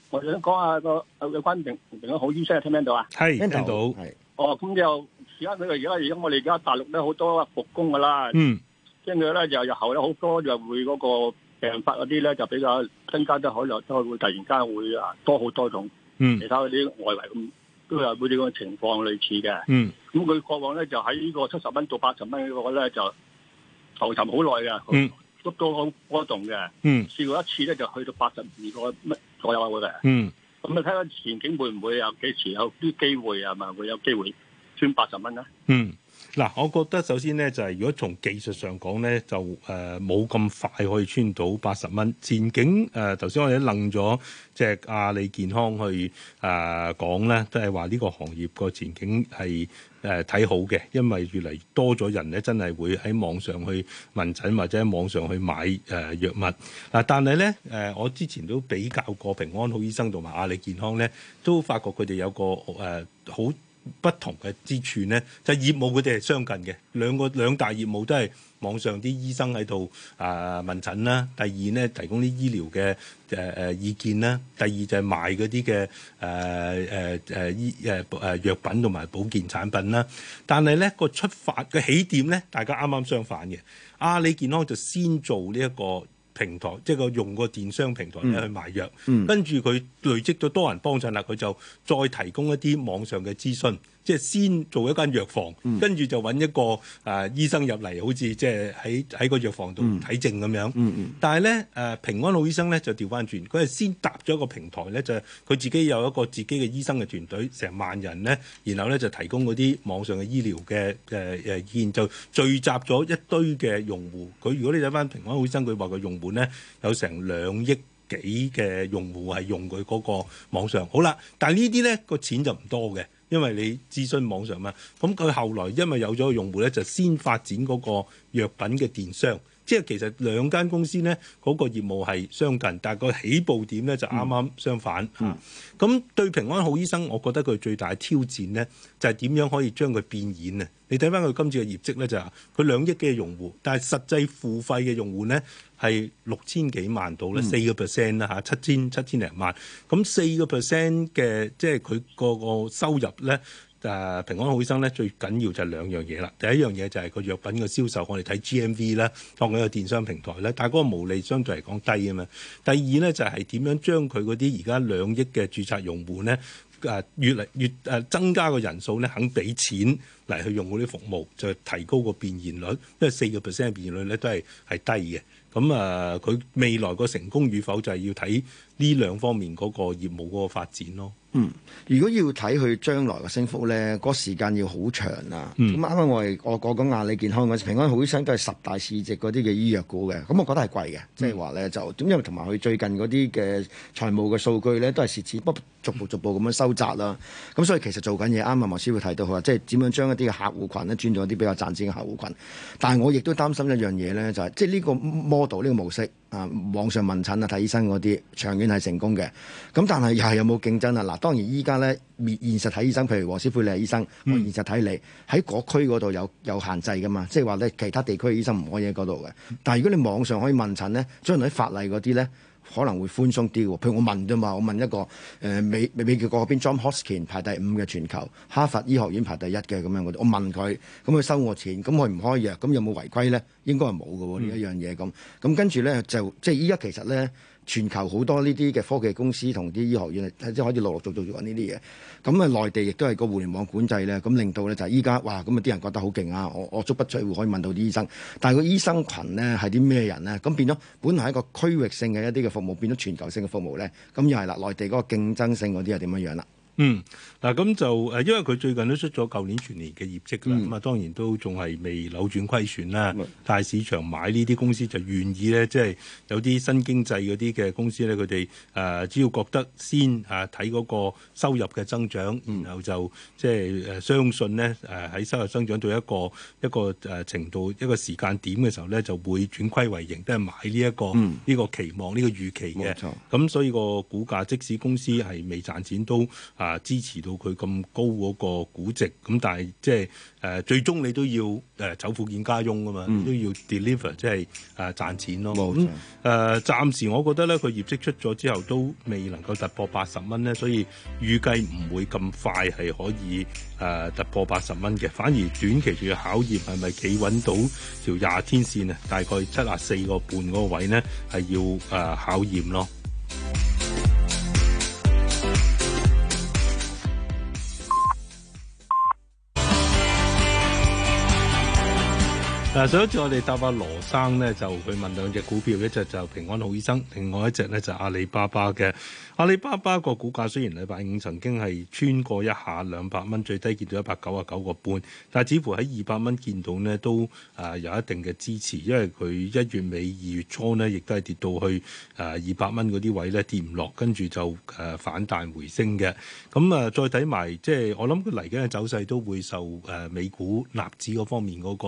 我想講下、嗰個有關病病況，好醫生聽唔聽到啊？係聽到。係哦，咁又而家佢話，而家而家我哋而家大陸咧好多復工噶啦。嗯，跟住咧就呢日後咧好多就會嗰個病發嗰啲咧就比較增加得可能都會突然間會啊多好多種。嗯，其他嗰啲外圍咁都有好似個情況類似嘅。嗯，咁佢過往咧就喺呢個七十蚊到八十蚊嗰個咧就浮沉好耐嘅。嗯，都都好波動嘅。嗯，試過一次咧就去到八十二個乜？我、mm. 有啊，我嘅嗯，咁啊睇下前景會唔會有幾時有啲機會係咪會有機會穿八十蚊啦。嗯，嗱，我覺得首先咧就係如果從技術上講咧，就誒冇咁快可以穿到八十蚊前景誒。頭、呃、先我哋都楞咗即係阿里健康去誒、呃、講咧，都係話呢個行業個前景係。誒睇好嘅，因為越嚟越多咗人咧，真係會喺網上去問診或者喺網上去買誒藥、呃、物。嗱，但係咧誒，我之前都比較過平安好醫生同埋阿里健康咧，都發覺佢哋有個誒、呃、好不同嘅之處咧，就係、業務佢哋係相近嘅，兩個兩大業務都係網上啲醫生喺度啊問診啦，第二咧提供啲醫療嘅誒誒意見啦，第二就係賣嗰啲嘅誒誒誒醫誒誒藥品同埋保健產品啦，但係咧個出發嘅起點咧，大家啱啱相反嘅，阿里健康就先做呢一個。平台即係個用個電商平台咧去賣藥，嗯、跟住佢累積咗多人幫襯啦，佢就再提供一啲網上嘅諮詢。即係先做一間藥房，跟住、嗯、就揾一個誒、呃、醫生入嚟，好似即係喺喺個藥房度睇症咁樣。嗯嗯嗯、但係咧誒平安好醫生咧就調翻轉，佢係先搭咗一個平台咧，就佢、係、自己有一個自己嘅醫生嘅團隊，成萬人咧，然後咧就提供嗰啲網上嘅醫療嘅誒誒線，就聚集咗一堆嘅用戶。佢如果你睇翻平安好醫生，佢話個用戶咧有成兩億幾嘅用戶係用佢嗰個網上。好啦，但係呢啲咧個錢就唔多嘅。因為你資訊網上嘛，咁佢後來因為有咗個用戶咧，就先發展嗰個藥品嘅電商。即係其實兩間公司咧，嗰個業務係相近，但係個起步點咧就啱啱相反咁、嗯嗯、對平安好醫生，我覺得佢最大嘅挑戰咧，就係點樣可以將佢變現啊？你睇翻佢今次嘅業績咧，就係佢兩億幾嘅用戶，但係實際付費嘅用戶咧係六千幾萬到咧，四個 percent 啦嚇，七千七千零萬。咁四個 percent 嘅即係佢個個收入咧。誒、啊、平安好醫生咧最緊要就係兩樣嘢啦，第一樣嘢就係個藥品嘅銷售，我哋睇 G M V 啦、啊，當佢個電商平台咧，但係嗰個毛利相對嚟講低啊嘛。第二咧就係、是、點樣將佢嗰啲而家兩億嘅註冊用戶咧，誒、啊、越嚟越誒增加個人數咧，肯俾錢嚟去用嗰啲服務，就提高個變現率，因為四個 percent 嘅變現率咧都係係低嘅。咁啊，佢未來個成功與否就係要睇。呢兩方面嗰個業務嗰個發展咯。嗯，如果要睇佢將來嘅升幅咧、嗯，嗰時間要好長啊。咁啱啱我係我講緊亞利健康嗰時，平安好醫生都係十大市值嗰啲嘅醫藥股嘅。咁、嗯、我、嗯、覺得係貴嘅，即係話咧就點？因為同埋佢最近嗰啲嘅財務嘅數據咧，都係蝕錢不逐步逐步咁樣收窄啦。咁所以其實做緊嘢啱啱莫師傅提到佢話，即係點樣將一啲嘅客戶群咧轉做一啲比較賺錢嘅客戶群。Hmm、但係我亦都擔心一樣嘢咧，就係即係呢個 model 呢個模式啊，網上問診啊、睇醫生嗰啲，長 遠 hid şeyi。係成功嘅，咁但係又係有冇競爭啊？嗱，當然依家咧，面現實睇醫生，譬如黃思富呢個醫生，嗯、我現實睇你喺嗰區嗰度有有限制噶嘛，即係話咧其他地區嘅醫生唔可以喺嗰度嘅。但係如果你網上可以問診呢，將來喺法例嗰啲咧，可能會寬鬆啲嘅。譬如我問啫嘛，我問一個誒、呃、美美美國嗰邊 John Hoskin 排第五嘅，全球哈佛醫學院排第一嘅咁樣，我問佢，咁佢收我錢，咁佢唔開藥，咁有冇違規咧？應該係冇嘅呢一樣嘢咁。咁跟住咧就即係依家其實咧。全球好多呢啲嘅科技公司同啲醫學院即係開始陸陸續續做緊呢啲嘢。咁啊，內地亦都係個互聯網管制咧，咁令到咧就係依家，哇！咁啊，啲人覺得好勁啊，我我足不出戶可以問到啲醫生。但係個醫生群咧係啲咩人咧？咁變咗本來係一個區域性嘅一啲嘅服務，變咗全球性嘅服務咧。咁又係啦，內地嗰個競爭性嗰啲又點樣樣啦？嗯，嗱咁就誒，因為佢最近都出咗舊年全年嘅業績啦，咁啊、嗯、當然都仲係未扭轉虧損啦。但係市場買呢啲公司就願意咧，即係的有啲新經濟嗰啲嘅公司咧，佢哋誒只要覺得先啊睇嗰個收入嘅增長，然後就即係誒相信咧誒喺收入增長到一個一個誒程度，一個時間點嘅時候咧，就會轉虧為盈，都係買呢、這、一個呢、嗯、個期望，呢、這個預期嘅。咁所以個股價即使公司係未賺錢都啊。啊啊啊啊啊啊啊！支持到佢咁高嗰個估值，咁但係即係誒最終你都要誒、呃、走庫建家用啊嘛，嗯、都要 deliver 即、就、係、是、誒賺、呃、錢咯。冇錯、嗯。誒、呃，暫時我覺得咧，佢業績出咗之後都未能夠突破八十蚊咧，所以預計唔會咁快係可以誒、呃、突破八十蚊嘅。反而短期仲要考驗係咪企穩到條廿天線啊？大概七啊四個半個位咧，係要誒、呃、考驗咯。嗱，上一次我哋答阿羅生咧，就佢問兩隻股票，一隻就平安好醫生，另外一隻咧就阿里巴巴嘅。阿里巴巴個股價雖然禮拜五曾經係穿過一下兩百蚊，最低見到一百九十九個半，但係似乎喺二百蚊見到呢都啊、呃、有一定嘅支持，因為佢一月尾二月初呢亦都係跌到去啊二百蚊嗰啲位咧跌唔落，跟住就誒、呃、反彈回升嘅。咁、嗯、啊，再睇埋即係我諗佢嚟緊嘅走勢都會受誒、呃、美股納指嗰方面嗰、嗰個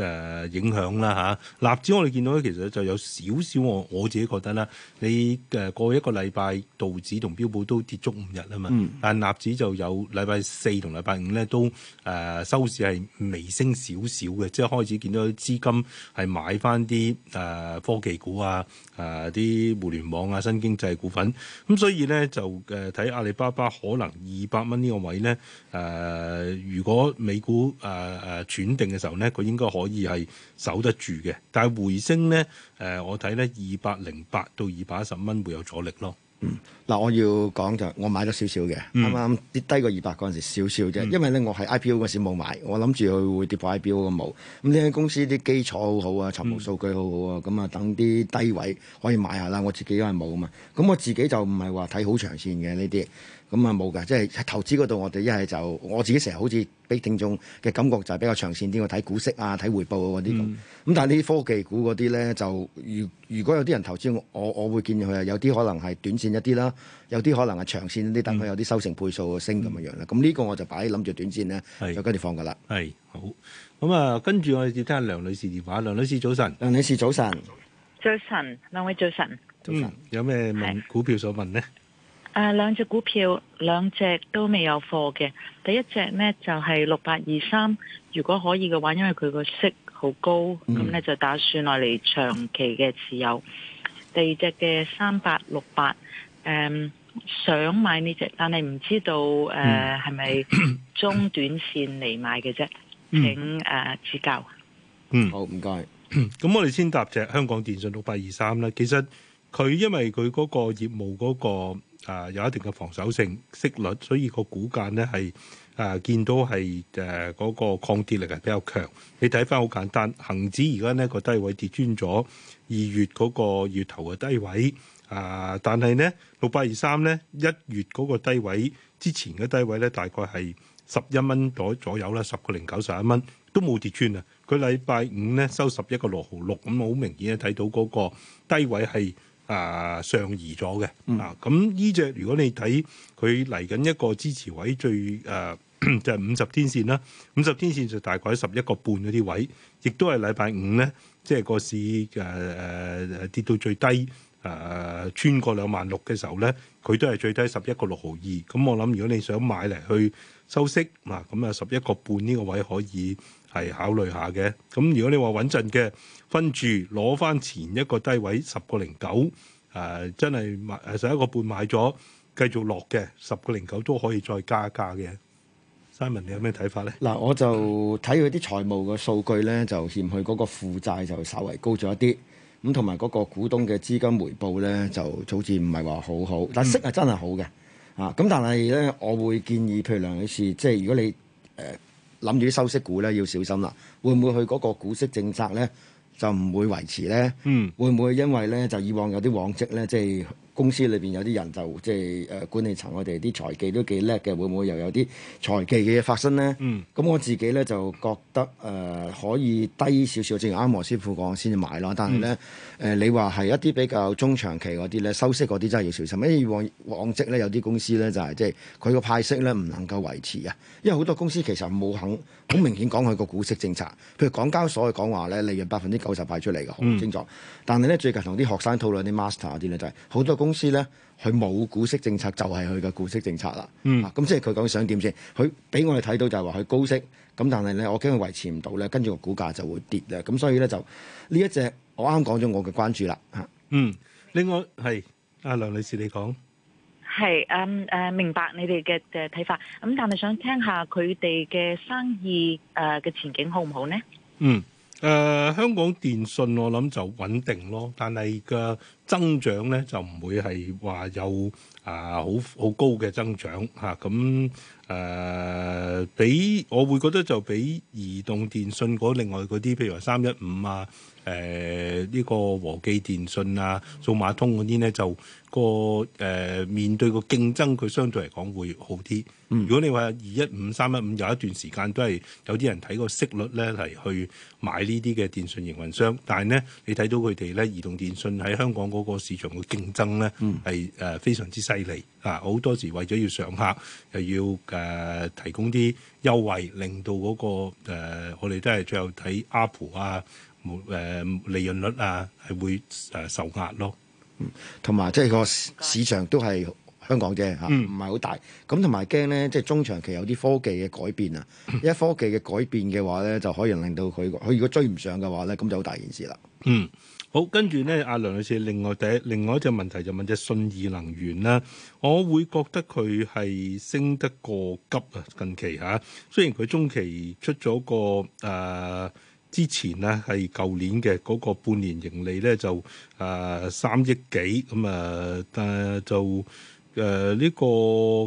嘅。呃誒，影響啦嚇、啊，納指我哋見到咧，其實就有少少，我我自己覺得啦，你誒、呃、過去一個禮拜，道指同標普都跌足五日啊嘛，嗯、但係納指就有禮拜四同禮拜五咧，都、呃、誒收市係微升少少嘅，即係開始見到資金係買翻啲誒科技股啊。啊！啲互聯網啊，新經濟股份咁、啊，所以咧就誒睇、啊、阿里巴巴可能二百蚊呢個位咧，誒、啊、如果美股誒誒轉定嘅時候咧，佢應該可以係守得住嘅，但係回升咧誒，我睇咧二百零八到二百一十蚊會有阻力咯。嗯嗱，我要講就我買咗少少嘅，啱啱跌低個二百嗰陣時少少啫。嗯、因為咧，我喺 IPO 嗰時冇買，我諗住佢會跌破 IPO 咁冇。咁、嗯、呢間公司啲基礎好好啊，財務數據好好啊，咁、嗯、啊等啲低位可以買下啦。我自己都係冇嘛。咁我自己就唔係話睇好長線嘅呢啲，咁啊冇㗎。即係投資嗰度，我哋一係就我自己成日好似俾聽眾嘅感覺就係比較長線啲，我睇股息啊、睇回報嗰啲。咁、嗯、但係啲科技股嗰啲咧，就如如果有啲人投資我，我會建議佢係有啲可能係短線一啲啦。有啲可能係長線啲，等佢有啲收成倍數升咁嘅樣啦。咁呢、嗯、個我就擺諗住短線咧，是就跟住放噶啦。係，好，咁、嗯、啊，跟住我哋接聽阿梁女士電話。梁女士早晨，梁女士早晨，早晨，兩位早晨，早晨，早晨。嗯、有咩問是股票所問呢？誒、啊，兩隻股票，兩隻都未有貨嘅。第一隻咧就係六八二三，如果可以嘅話，因為佢個息好高，咁呢、嗯，就打算落嚟長期嘅持有。第二隻嘅三八六八。誒，um, 想買呢隻，但係唔知道誒係咪中短線嚟買嘅啫？嗯、請誒、uh, 指教。嗯，好，唔該。咁 我哋先答隻香港電信六八二三啦。其實佢因為佢嗰個業務嗰、嗰個誒、啊、有一定嘅防守性息率，所以個股價呢係誒見到係誒嗰個抗跌力係比較強。你睇翻好簡單，恒指而家呢個低位跌穿咗二月嗰個月頭嘅低位。啊、呃、但係咧六百二十三，咧一月嗰個低位之前嘅低位咧，大概係十一蚊左左右啦，十個零九十一蚊都冇跌穿啊。佢禮拜五咧收十一個六毫六，咁好明顯咧睇到嗰個低位係啊、呃、上移咗嘅啊。咁呢隻如果你睇佢嚟緊一個支持位最誒、呃、就係五十天線啦，五十天線就大概十一個半嗰啲位，亦都係禮拜五咧即係個市誒誒、呃呃、跌到最低，誒、啊、穿過兩萬六嘅時候呢，佢都係最低十一個六毫二。咁、嗯、我諗，如果你想買嚟去收息，嗱咁啊十一個半呢個位可以係考慮下嘅。咁、嗯、如果你話穩陣嘅，分住攞翻前一個低位十個零九，誒、啊、真係買十一個半買咗，繼續落嘅十個零九都可以再加一加嘅。Simon，你有咩睇法呢？嗱，我就睇佢啲財務嘅數據呢，就嫌佢嗰個負債就稍為高咗一啲。咁同埋嗰個股東嘅資金回報咧，就好似唔係話好好，但係息係真係好嘅嚇。咁、啊、但係咧，我會建議譬如梁女士，即係如果你誒諗住啲收息股咧，要小心啦。會唔會去嗰個股息政策咧就唔會維持咧？嗯、會唔會因為咧就以往有啲往績咧，即係？公司裏邊有啲人就即係誒管理層，我哋啲財技都幾叻嘅，會唔會又有啲財技嘅嘢發生咧？嗯，咁我自己咧就覺得誒、呃、可以低少少，正如啱啱黃師傅講先至買咯。但係咧誒，你話係一啲比較中長期嗰啲咧，收息嗰啲真係要小心，因為往往績咧有啲公司咧就係、是、即係佢個派息咧唔能夠維持啊，因為好多公司其實冇肯。好明顯講佢個股息政策，譬如港交所嘅講話咧，利潤百分之九十派出嚟嘅，好清楚。嗯、但係咧，最近同啲學生討論啲 Master 啲咧，就係好多公司咧，佢冇股息政策就係佢嘅股息政策啦。咁、嗯、即係佢講想點先？佢俾我哋睇到就係話佢高息，咁但係咧，我驚佢維持唔到咧，跟住個股價就會跌啦。咁所以咧就呢一隻，這個、我啱講咗我嘅關注啦。嗯，另外係阿梁女士你講。係，嗯，誒，明白你哋嘅嘅睇法，咁但係想聽下佢哋嘅生意誒嘅前景好唔好呢？嗯，誒、呃，香港電信我諗就穩定咯，但係個增長咧就唔會係話有啊、呃、好好高嘅增長吓，咁、啊、誒、呃、比我會覺得就比移動電信嗰另外嗰啲，譬如話三一五啊。誒呢、呃呢個和記電信啊、數碼通嗰啲咧，就、嗰個誒、呃、面對個競爭，佢相對嚟講會好啲。嗯、如果你話二一五三一五有一段時間都係有啲人睇個息率咧嚟去買呢啲嘅電信營運商，但係咧你睇到佢哋咧，移動電信喺香港嗰個市場嘅競爭咧係誒非常之犀利啊！好多時為咗要上客，又要誒、呃、提供啲優惠，令到嗰、嗰個、呃、我哋都係最後睇 Apple 啊。冇誒，利潤率啊，係會誒受壓咯。嗯，同埋即係個市場都係香港啫嚇，唔係好大。咁同埋驚咧，即係中長期有啲科技嘅改變啊！一科技嘅改變嘅話咧，就可以令到佢佢如果追唔上嘅話咧，咁就好大件事啦。嗯，好，跟住咧，阿梁女士，另外第另外一隻問題就問隻信義能源啦。我會覺得佢係升得過急啊！近期嚇，雖然佢中期出咗個誒。呃之前咧係舊年嘅嗰、那個半年盈利咧就誒、呃、三億幾咁啊，但、嗯呃、就誒呢、呃這個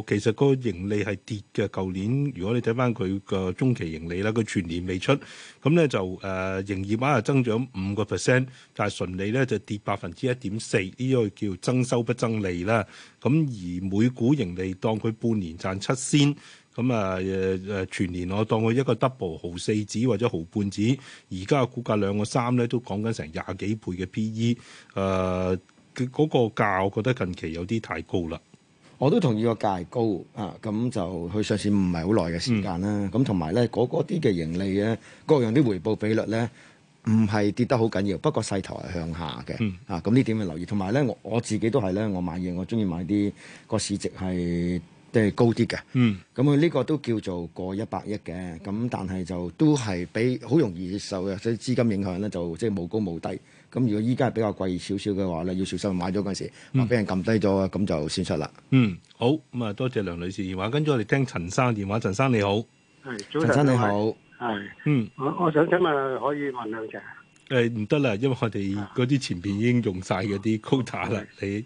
其實個盈利係跌嘅。舊年如果你睇翻佢嘅中期盈利啦，佢全年未出，咁咧就誒營、呃、業額增長五個 percent，但係純利咧就跌百分之一點四，呢、這個叫增收不增利啦。咁而每股盈利當佢半年賺七仙。咁啊誒誒，全年我當佢一個 double 毫四指或者毫半指，而家股價兩個三咧，都講緊成廿幾倍嘅 P E，誒、呃、嗰、那個價，我覺得近期有啲太高啦。我都同意個價係高啊，咁就去上市唔係好耐嘅時間啦。咁同埋咧，嗰啲嘅盈利咧，各樣啲回報比率咧，唔係跌得好緊要。不過勢頭係向下嘅、嗯、啊，咁呢點要留意。同埋咧，我我自己都係咧，我買嘢我中意買啲個市值係。即係高啲嘅，咁佢呢個都叫做過一百億嘅，咁但係就都係比好容易受嘅啲資金影響咧，就即係冇高冇低。咁如果依家係比較貴少少嘅話咧，要小心買咗嗰陣時，話俾人撳低咗，咁、嗯、就先出啦。嗯，好咁啊，多謝梁女士電話。跟住我哋聽陳生電話，陳生你好，陳生你好，係，嗯，我我想請問可以問兩隻？誒唔得啦，因為我哋嗰啲前邊已經用晒嗰啲 quota 啦。你一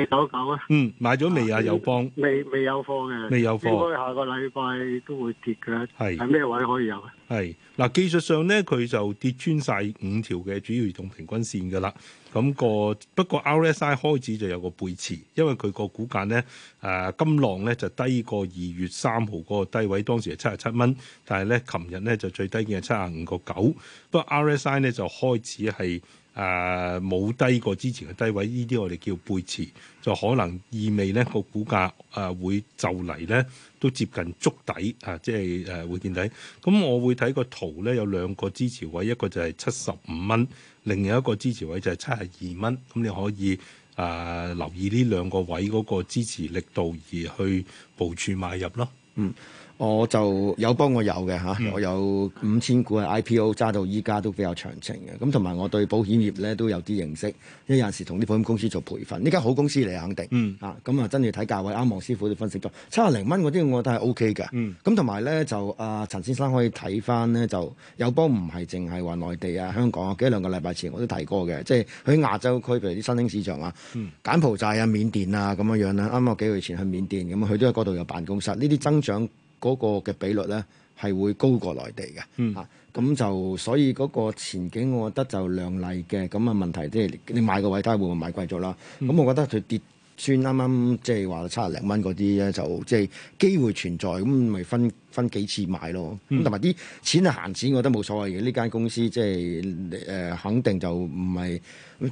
二九九啊？嗯，買咗未啊？友邦？未未有貨嘅。未有貨，應該下個禮拜都會跌嘅。係喺咩位可以有啊？係嗱，技術上咧，佢就跌穿晒五條嘅主要移動平均線嘅啦。咁、那個不過 RSI 開始就有個背馳，因為佢個股價咧，誒、呃、金浪咧就低過二月三號嗰個低位，當時係七十七蚊，但係咧琴日咧就最低嘅係七十五個九。不過 RSI 咧就開始係誒冇低過之前嘅低位，呢啲我哋叫背馳，就可能意味咧個股價誒、呃、會就嚟咧都接近築底啊，即係誒會見底。咁我會睇個圖咧有兩個支持位，一個就係七十五蚊。另一個支持位就係七十二蚊，咁你可以誒、呃、留意呢兩個位嗰個支持力度，而去部署買入咯，嗯。我就友邦我有嘅嚇，嗯、我有五千股嘅 IPO 揸到依家都比較長情嘅。咁同埋我對保險業咧都有啲認識，因為有陣時同啲保險公司做培訓。呢間好公司你肯定嚇，咁、嗯、啊就真係睇價位。啱黃師傅嘅分析咗，七零蚊嗰啲，我覺得係 O K 嘅。咁同埋咧就啊、呃、陳先生可以睇翻咧就友邦唔係淨係話內地啊香港啊，幾兩個禮拜前我都提過嘅，即係佢喺亞洲區譬如啲新興市場啊、嗯、柬埔寨啊、緬甸啊咁樣樣啦。啱啱我幾個月前去緬甸咁佢都喺嗰度有辦公室。呢啲增長嗰個嘅比率咧係會高過內地嘅，嚇咁、嗯啊、就所以嗰個前景，我覺得就亮麗嘅。咁啊問題即係你買個位價會唔會買貴咗啦？咁、嗯、我覺得佢跌算啱啱即係話七廿零蚊嗰啲咧，就即係、就是、機會存在，咁咪分分幾次買咯。咁同埋啲錢啊閒錢，我覺得冇所謂嘅。呢間公司即係誒肯定就唔係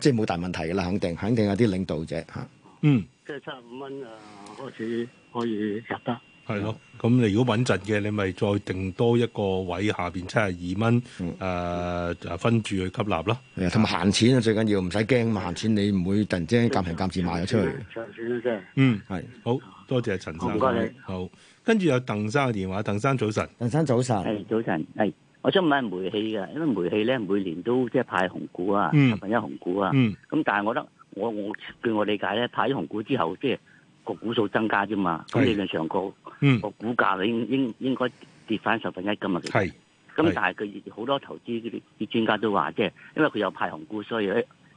即係冇大問題㗎啦，肯定肯定有啲領導者嚇。啊、嗯，即係七十五蚊啊，開始可以入得。係咯，咁你如果穩陣嘅，你咪再定多一個位下邊七廿二蚊，誒誒、嗯呃、分住去吸納咯。同埋閒錢啊最緊要，唔使驚嘛，閒錢你唔會突然之間夾平夾住賣咗出去。長少聲，嗯係，好多謝陳生，唔該你，好。跟住有鄧生嘅電話，鄧生早晨，鄧生早晨，係早晨，係，我想問下煤氣嘅，因為煤氣咧每年都即係派紅股啊，十分一紅股啊，咁、嗯、但係我覺得我我據我理解咧，派咗紅股之後即係。個股數增加啫嘛，咁理論上講，個股價應應應該跌翻十分一噶嘛，其實是，咁但係佢好多投資啲啲專家都話，即係因為佢有派紅股，所以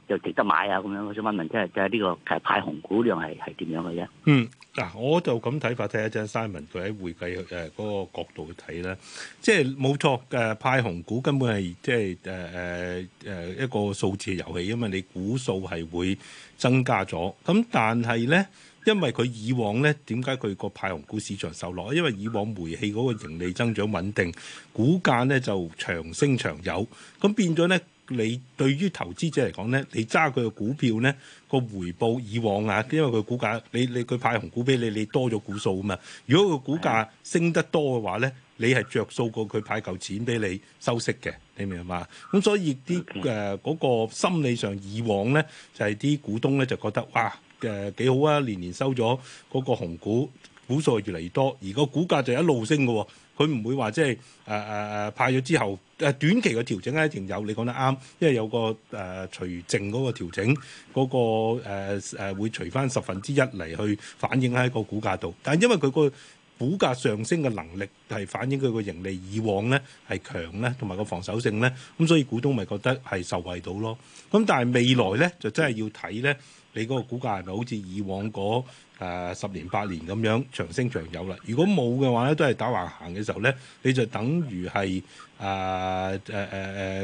又值得買啊，咁樣我想問問即係就係、是、呢個派紅股量係係點樣嘅啫？嗯，嗱，我就咁睇法，睇阿張 Simon 佢喺會計誒嗰個角度去睇咧，即係冇錯嘅派紅股根本係即係誒誒誒一個數字遊戲，因為你股數係會增加咗，咁但係咧。因為佢以往咧，點解佢個派紅股市場受落？因為以往煤氣嗰個盈利增長穩定，股價咧就長升長有，咁變咗咧，你對於投資者嚟講咧，你揸佢嘅股票咧個回報，以往啊，因為佢股價，你你佢派紅股俾你，你多咗股數啊嘛。如果佢股價升得多嘅話咧，你係着數過佢派嚿錢俾你收息嘅，你明唔明嘛？咁所以啲誒嗰個心理上，以往咧就係啲股東咧就覺得哇～誒、呃、幾好啊！年年收咗嗰個紅股股數越嚟越多，而個股價就一路升嘅、哦。佢唔會話即係誒誒誒派咗之後誒、呃、短期嘅調整咧，一定有。你講得啱，因為有個誒、呃、除淨嗰個調整嗰、那個誒誒、呃、會除翻十分之一嚟去反映喺個股價度。但係因為佢個股價上，股價上升嘅能力係反映佢個盈利以往咧係強咧，同埋個防守性咧咁，所以股東咪覺得係受惠到咯。咁但係未來咧就真係要睇咧。你嗰個股價係咪好似以往嗰、呃、十年八年咁樣長升長有啦？如果冇嘅話咧，都係打橫行嘅時候咧，你就等於係誒誒誒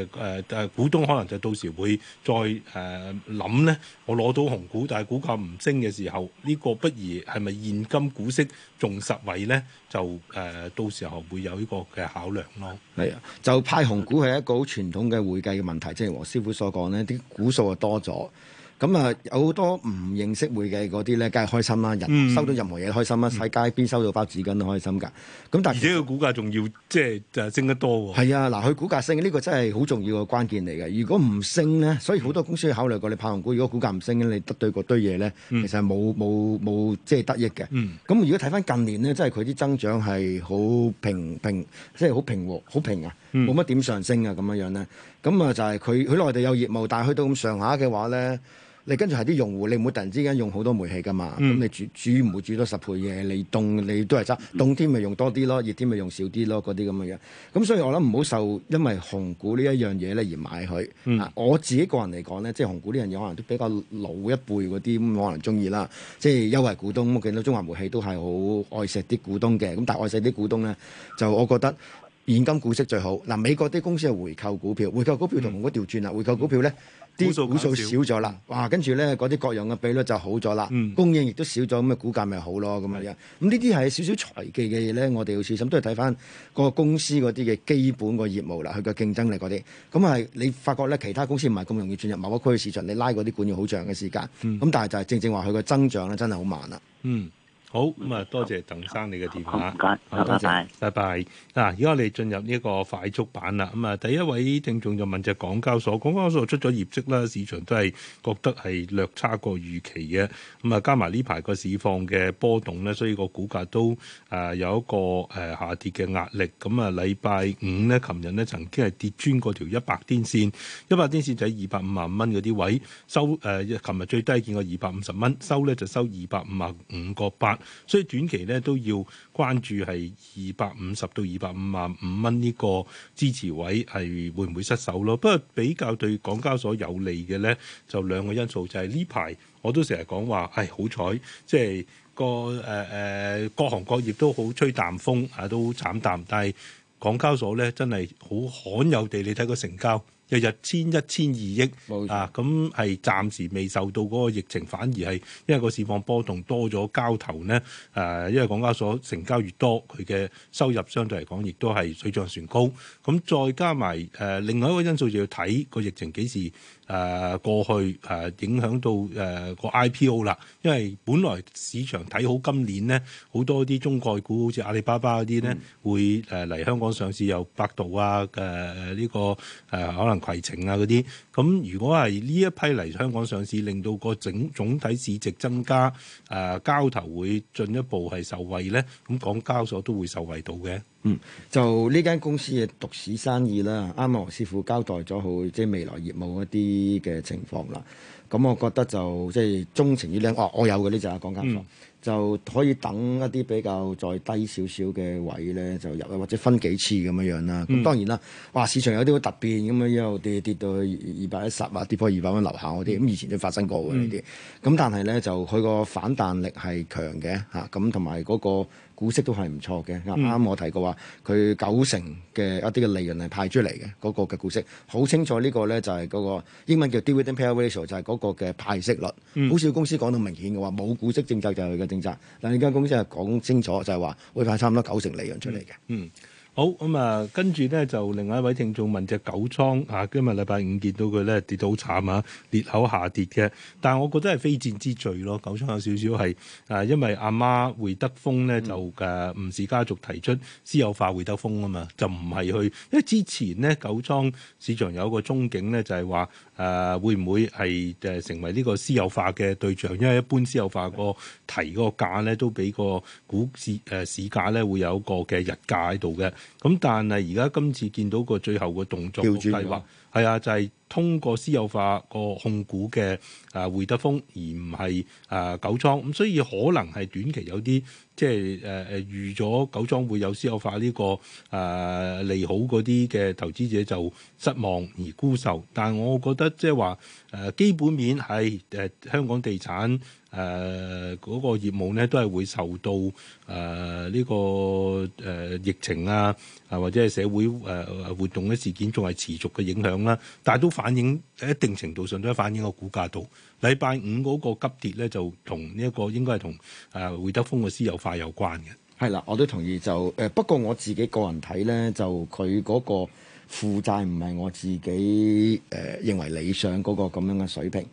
誒誒，股東可能就到時會再誒諗咧，我攞到紅股，但係股價唔升嘅時候，呢個不如係咪現金股息仲實惠咧？就誒、呃、到時候會有呢個嘅考量咯。係啊，就派紅股係一個好傳統嘅會計嘅問題，即係黃師傅所講咧，啲股數就多咗。咁啊，有好多唔認識會嘅嗰啲咧，梗係開心啦！人收到任何嘢開心啦，喺、嗯、街邊收到包紙巾都開心㗎。咁、嗯、但係，而且個股價仲要即係就係、是、升得多喎、哦。係啊，嗱，佢股價升，呢、這個真係好重要嘅關鍵嚟嘅。如果唔升咧，所以好多公司考慮過、嗯、你派紅股，如果股價唔升，你得對嗰堆嘢咧，其實係冇冇冇即係得益嘅。咁、嗯嗯、如果睇翻近年咧，真係佢啲增長係好平平，即係好平和，好平啊，冇乜、嗯、點上升啊，咁樣樣咧。咁啊，就係佢佢內地有業務，但係去到咁上下嘅話咧。你跟住係啲用戶，你唔會突然之間用好多煤氣㗎嘛。咁、嗯、你煮煮唔會煮多十倍嘢，你凍你都係執冬天咪用多啲咯，熱天咪用少啲咯。嗰啲咁嘅樣咁，所以我諗唔好受因為紅股呢一樣嘢咧而買佢。嗯、我自己個人嚟講咧，即係紅股呢樣嘢，可能都比較老一輩嗰啲咁可能鍾意啦。即係優惠股東，我見到中華煤氣都係好愛惜啲股東嘅。咁但係愛惜啲股東咧，就我覺得。現金股息最好嗱、啊，美國啲公司係回購股票，回購股票同調轉啦，嗯、回購股票咧啲、嗯、股數少咗啦，嗯、哇！跟住咧嗰啲各樣嘅比率就好咗啦，嗯、供應亦都少咗，咁嘅股價咪好咯咁啊樣。咁呢啲係少少財技嘅嘢咧，我哋要小心，都係睇翻個公司嗰啲嘅基本個業務啦，佢嘅競爭力嗰啲。咁啊，你發覺咧其他公司唔係咁容易進入某一區嘅市場，你拉嗰啲管要好長嘅時間。咁、嗯嗯、但係就係正正話佢嘅增長咧，真係好慢啦。嗯。嗯。好咁啊！多謝鄧生你嘅電話，唔該，多謝，拜拜。嗱、啊，而家我哋進入呢個快速版啦。咁、嗯、啊，第一位聽眾就問隻港交所，港交所出咗業績啦，市場都係覺得係略差過預期嘅。咁、嗯、啊，加埋呢排個市況嘅波動咧，所以個股價都誒有一個誒下跌嘅壓力。咁、嗯、啊，禮拜五咧，琴日咧曾經係跌穿嗰條一百天線，一百天線就係二百五萬蚊嗰啲位，收誒，琴、呃、日最低見過二百五十蚊，收咧就收二百五十五個八。所以短期咧都要關注係二百五十到二百五十五蚊呢個支持位係會唔會失守咯？不過比較對港交所有利嘅呢，就兩個因素就係呢排我都成日講話，唉，好彩，即係個誒誒各行各業都好吹淡風啊，都好慘淡，但係港交所呢，真係好罕有地，你睇個成交。日日千一千二億啊，咁係暫時未受到嗰個疫情，反而係因為個市況波動多咗交投呢誒、呃，因為港交所成交越多，佢嘅收入相對嚟講亦都係水漲船高。咁再加埋誒、呃，另外一個因素就要睇個疫情幾時。誒、啊、過去誒、啊、影響到誒、啊、個 IPO 啦，因為本來市場睇好今年咧，好多啲中概股好似阿里巴巴嗰啲咧，嗯、會誒嚟、啊、香港上市，有百度啊，誒、啊、呢、這個誒、啊、可能攜程啊嗰啲，咁、啊、如果係呢一批嚟香港上市，令到個整總體市值增加，誒、啊、交投會進一步係受惠咧，咁港交所都會受惠到嘅。嗯，mm. 就呢間公司嘅獨市生意啦，啱啱黃師傅交代咗好，即係未來業務一啲嘅情況啦。咁我覺得就即係忠情啲咧，哦，我有嘅呢隻啊，講家上就可以等一啲比較再低少少嘅位咧，就入去，或者分幾次咁樣樣啦。咁當然啦，mm. 哇！市場有啲好突變咁啊，又跌跌到去二百一十啊，跌破二百蚊樓下嗰啲，咁以前都發生過㗎、mm. 呢啲。咁但係咧就佢個反彈力係強嘅嚇，咁同埋嗰個。股息都係唔錯嘅，啱啱我提過話，佢九成嘅一啲嘅利潤係派出嚟嘅，嗰、那個嘅股息好清楚，那個。呢個咧就係嗰個英文叫 Dividend Payout Ratio，就係嗰個嘅派息率。嗯、好少公司講到明顯嘅話，冇股息政策就係佢嘅政策，但係呢間公司係講清楚，就係話會派差唔多九成利潤出嚟嘅。嗯嗯好咁啊！跟住咧就另外一位聽眾問，隻九倉啊，今日禮拜五見到佢咧跌到好慘啊，裂口下跌嘅。但係我覺得係非戰之罪咯，九倉有少少係啊，因為阿媽會德豐咧就誒、啊、吳氏家族提出私有化會德豐啊嘛，就唔係去。因為之前咧九倉市場有一個憧憬咧，就係話誒會唔會係誒成為呢個私有化嘅對象？因為一般私有化個提個價咧都比個股市誒、呃、市價咧會有一個嘅日價喺度嘅。咁但係而家今次見到個最後個動作計劃係啊，就係通過私有化個控股嘅啊會德豐，而唔係啊九倉咁，所以可能係短期有啲即係誒誒預咗九倉會有私有化呢、這個誒、呃、利好嗰啲嘅投資者就失望而沽售，但係我覺得即係話誒基本面係誒、呃、香港地產。誒嗰、呃那個業務咧，都係會受到誒呢、呃這個誒、呃、疫情啊，啊或者係社會誒、呃、活動嘅事件，仲係持續嘅影響啦、啊。但係都反映一定程度上都反映個股價度。禮拜五嗰個急跌咧，就同呢一個應該係同誒會德豐嘅私有化有關嘅。係啦，我都同意就誒，不過我自己個人睇咧，就佢嗰個負債唔係我自己誒、呃、認為理想嗰個咁樣嘅水平。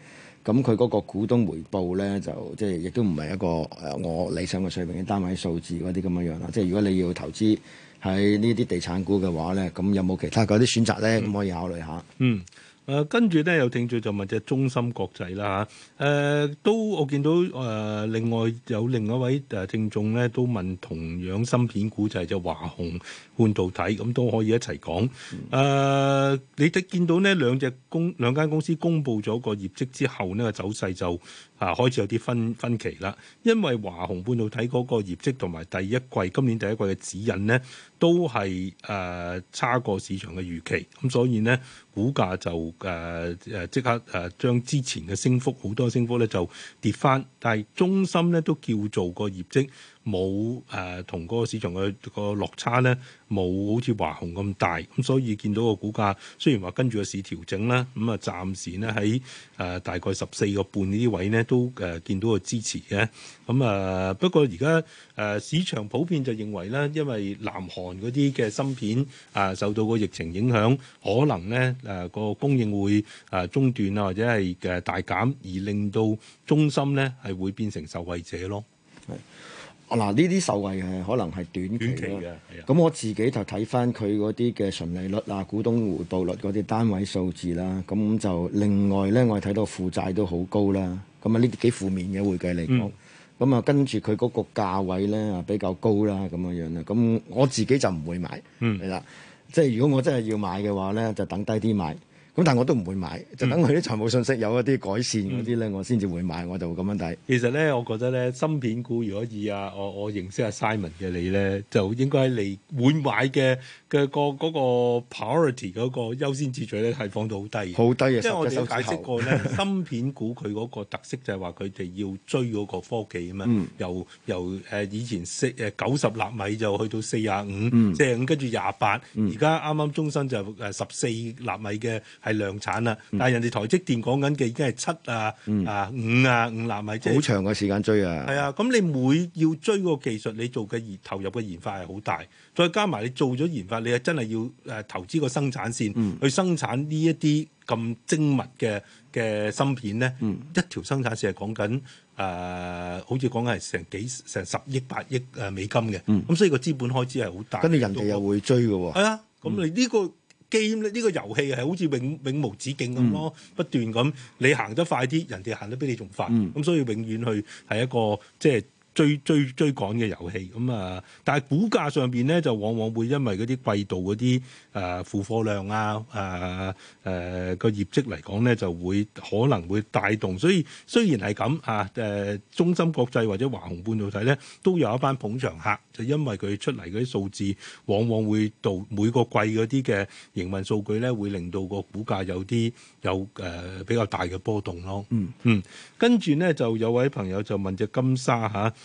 咁佢嗰個股東回報咧，就即係亦都唔係一個誒我理想嘅水平嘅單位數字嗰啲咁嘅樣啦。即係如果你要投資喺呢啲地產股嘅話咧，咁有冇其他嗰啲選擇咧？咁、嗯、可以考慮下。嗯。誒、呃、跟住咧有聽眾就問隻中芯國際啦嚇，誒、呃、都我見到誒、呃、另外有另一位誒聽眾咧都問同樣芯片股就係隻華虹半導體，咁、嗯、都可以一齊講。誒、呃、你哋見到呢兩隻公兩間公司公布咗個業績之後，呢個走勢就啊開始有啲分分歧啦，因為華虹半導體嗰個業績同埋第一季今年第一季嘅指引呢，都係誒、呃、差過市場嘅預期，咁所以呢，股價就。誒，誒、呃，即刻誒，將之前嘅升幅好多升幅咧就跌翻，但係中心咧都叫做個業績。冇誒、呃、同嗰個市場嘅、嘅個落差咧，冇好似華虹咁大，咁、嗯、所以見到個股價雖然話跟住個市調整啦，咁啊暫時咧喺誒大概十四個半呢啲位咧都誒、呃、見到個支持嘅，咁、嗯、啊、呃、不過而家誒市場普遍就認為咧，因為南韓嗰啲嘅芯片啊、呃、受到個疫情影響，可能咧誒個供應會誒中斷啊，或者係嘅大減，而令到中芯咧係會變成受惠者咯。嗱，呢啲受惠係可能係短期咯。咁我自己就睇翻佢嗰啲嘅純利率啊、股東回報率嗰啲單位數字啦。咁就另外咧，我係睇到負債都好高啦。咁啊，呢啲幾負面嘅會計嚟講。咁啊、嗯，跟住佢嗰個價位咧比較高啦，咁樣樣啦。咁我自己就唔會買，係啦、嗯。即係如果我真係要買嘅話咧，就等低啲買。咁但係我都唔會買，嗯、就等佢啲財務信息有一啲改善嗰啲咧，我先至會買，嗯、我就咁樣睇。其實咧，我覺得咧，芯片股如果以啊，我我認識阿 Simon 嘅你咧，就應該嚟換買嘅嘅個嗰、嗰個 priority 嗰個優先秩序咧，係放到好低。好低嘅，即係我哋有解釋過咧， 芯片股佢嗰個特色就係話佢哋要追嗰個科技咁嘛、嗯，由由誒以前四誒九十納米就去到四十五、四十五，跟住廿八，而家啱啱中芯就誒十四納米嘅。係量產啦，但係人哋台積電講緊嘅已經係七啊啊五啊五納米，好長嘅時間追啊！係啊，咁你每要追個技術，你做嘅研投入嘅研發係好大，再加埋你做咗研發，你又真係要誒投資個生產線去生產呢一啲咁精密嘅嘅芯片咧。一條生產線係講緊誒，好似講緊係成幾成十億、百億誒美金嘅。咁所以個資本開支係好大。跟住人哋又會追㗎。係啊，咁你呢個？Game 呢個遊戲係好似永永無止境咁咯，嗯、不斷咁你行得快啲，人哋行得比你仲快，咁、嗯、所以永遠去係一個即係，就是追追追趕嘅遊戲咁啊、嗯！但係股價上面咧，就往往會因為嗰啲季度嗰啲誒庫貨量啊、誒誒個業績嚟講咧，就會可能會帶動。所以雖然係咁嚇誒，中芯國際或者華虹半導體咧，都有一班捧場客，就因為佢出嚟嗰啲數字，往往會到每個季嗰啲嘅營運數據咧，會令到個股價有啲有誒、呃、比較大嘅波動咯。嗯嗯，跟住咧就有位朋友就問隻金沙嚇。啊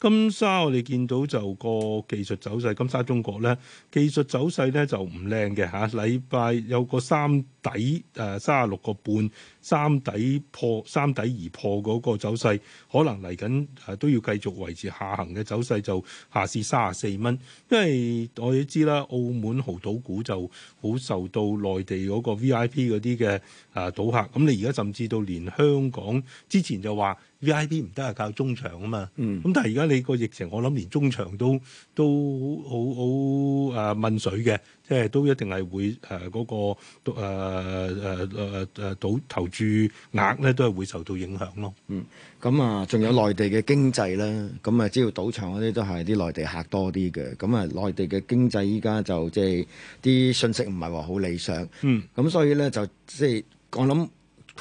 金沙我哋見到就個技術走勢，金沙中國咧技術走勢咧就唔靚嘅。啊，下禮拜有個三底誒卅六個半三底破三底而破嗰個走勢，可能嚟緊誒都要繼續維持下行嘅走勢，就下試卅四蚊。因為我哋都知啦，澳門豪賭股就好受到內地嗰個 VIP 嗰啲嘅誒賭客。咁你而家甚至到連香港之前就話 VIP 唔得係靠中場啊嘛。嗯，咁但係而家。呢個疫情，我諗連中場都都好好誒問水嘅，即係都一定係會誒嗰個誒誒誒誒賭投注額咧，都係會受到影響咯。嗯，咁啊，仲有內地嘅經濟啦。咁啊，只要賭場嗰啲都係啲內地客多啲嘅。咁啊，內地嘅經濟依家就即係啲信息唔係話好理想。嗯。咁所以咧就即係我諗。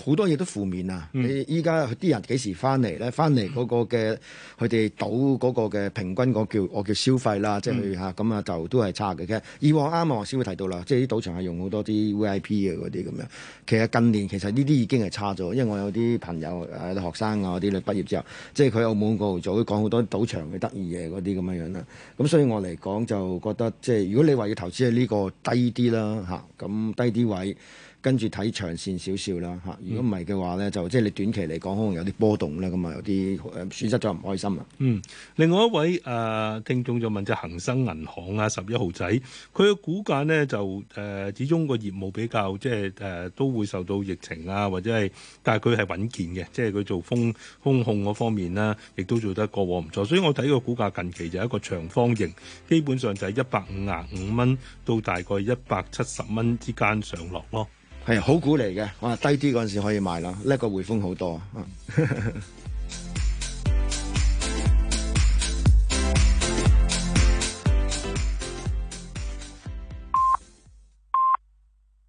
好多嘢都負面啊！你依家啲人幾時翻嚟咧？翻嚟嗰個嘅，佢哋賭嗰個嘅平均個叫我叫消費啦，嗯、即係嚇咁啊，就都係差嘅。因為以往啱啊，我先會提到啦，即係啲賭場係用好多啲 VIP 嘅嗰啲咁樣。其實近年其實呢啲已經係差咗，因為我有啲朋友誒學生啊啲你畢業之後，即係佢澳門嗰度做，會講好多賭場嘅得意嘢嗰啲咁樣啦。咁所以我嚟講就覺得即係如果你話要投資喺呢、這個低啲啦嚇，咁低啲位。跟住睇長線少少啦嚇，如果唔係嘅話咧，就即係你短期嚟講，可能有啲波動咧，咁啊有啲誒、呃、損失咗唔開心啊。嗯，另外一位啊、呃、聽眾就問咗恒生銀行啊十一號仔，佢嘅股價咧就誒、呃、始終個業務比較即係誒、呃、都會受到疫情啊或者係，但係佢係穩健嘅，即係佢做風風控嗰方面啦、啊，亦都做得過往唔錯，所以我睇個股價近期就係一個長方形，基本上就係一百五呀五蚊到大概一百七十蚊之間上落咯。係好股嚟嘅，哇低啲嗰陣時可以買囉，叻過匯豐好多。啊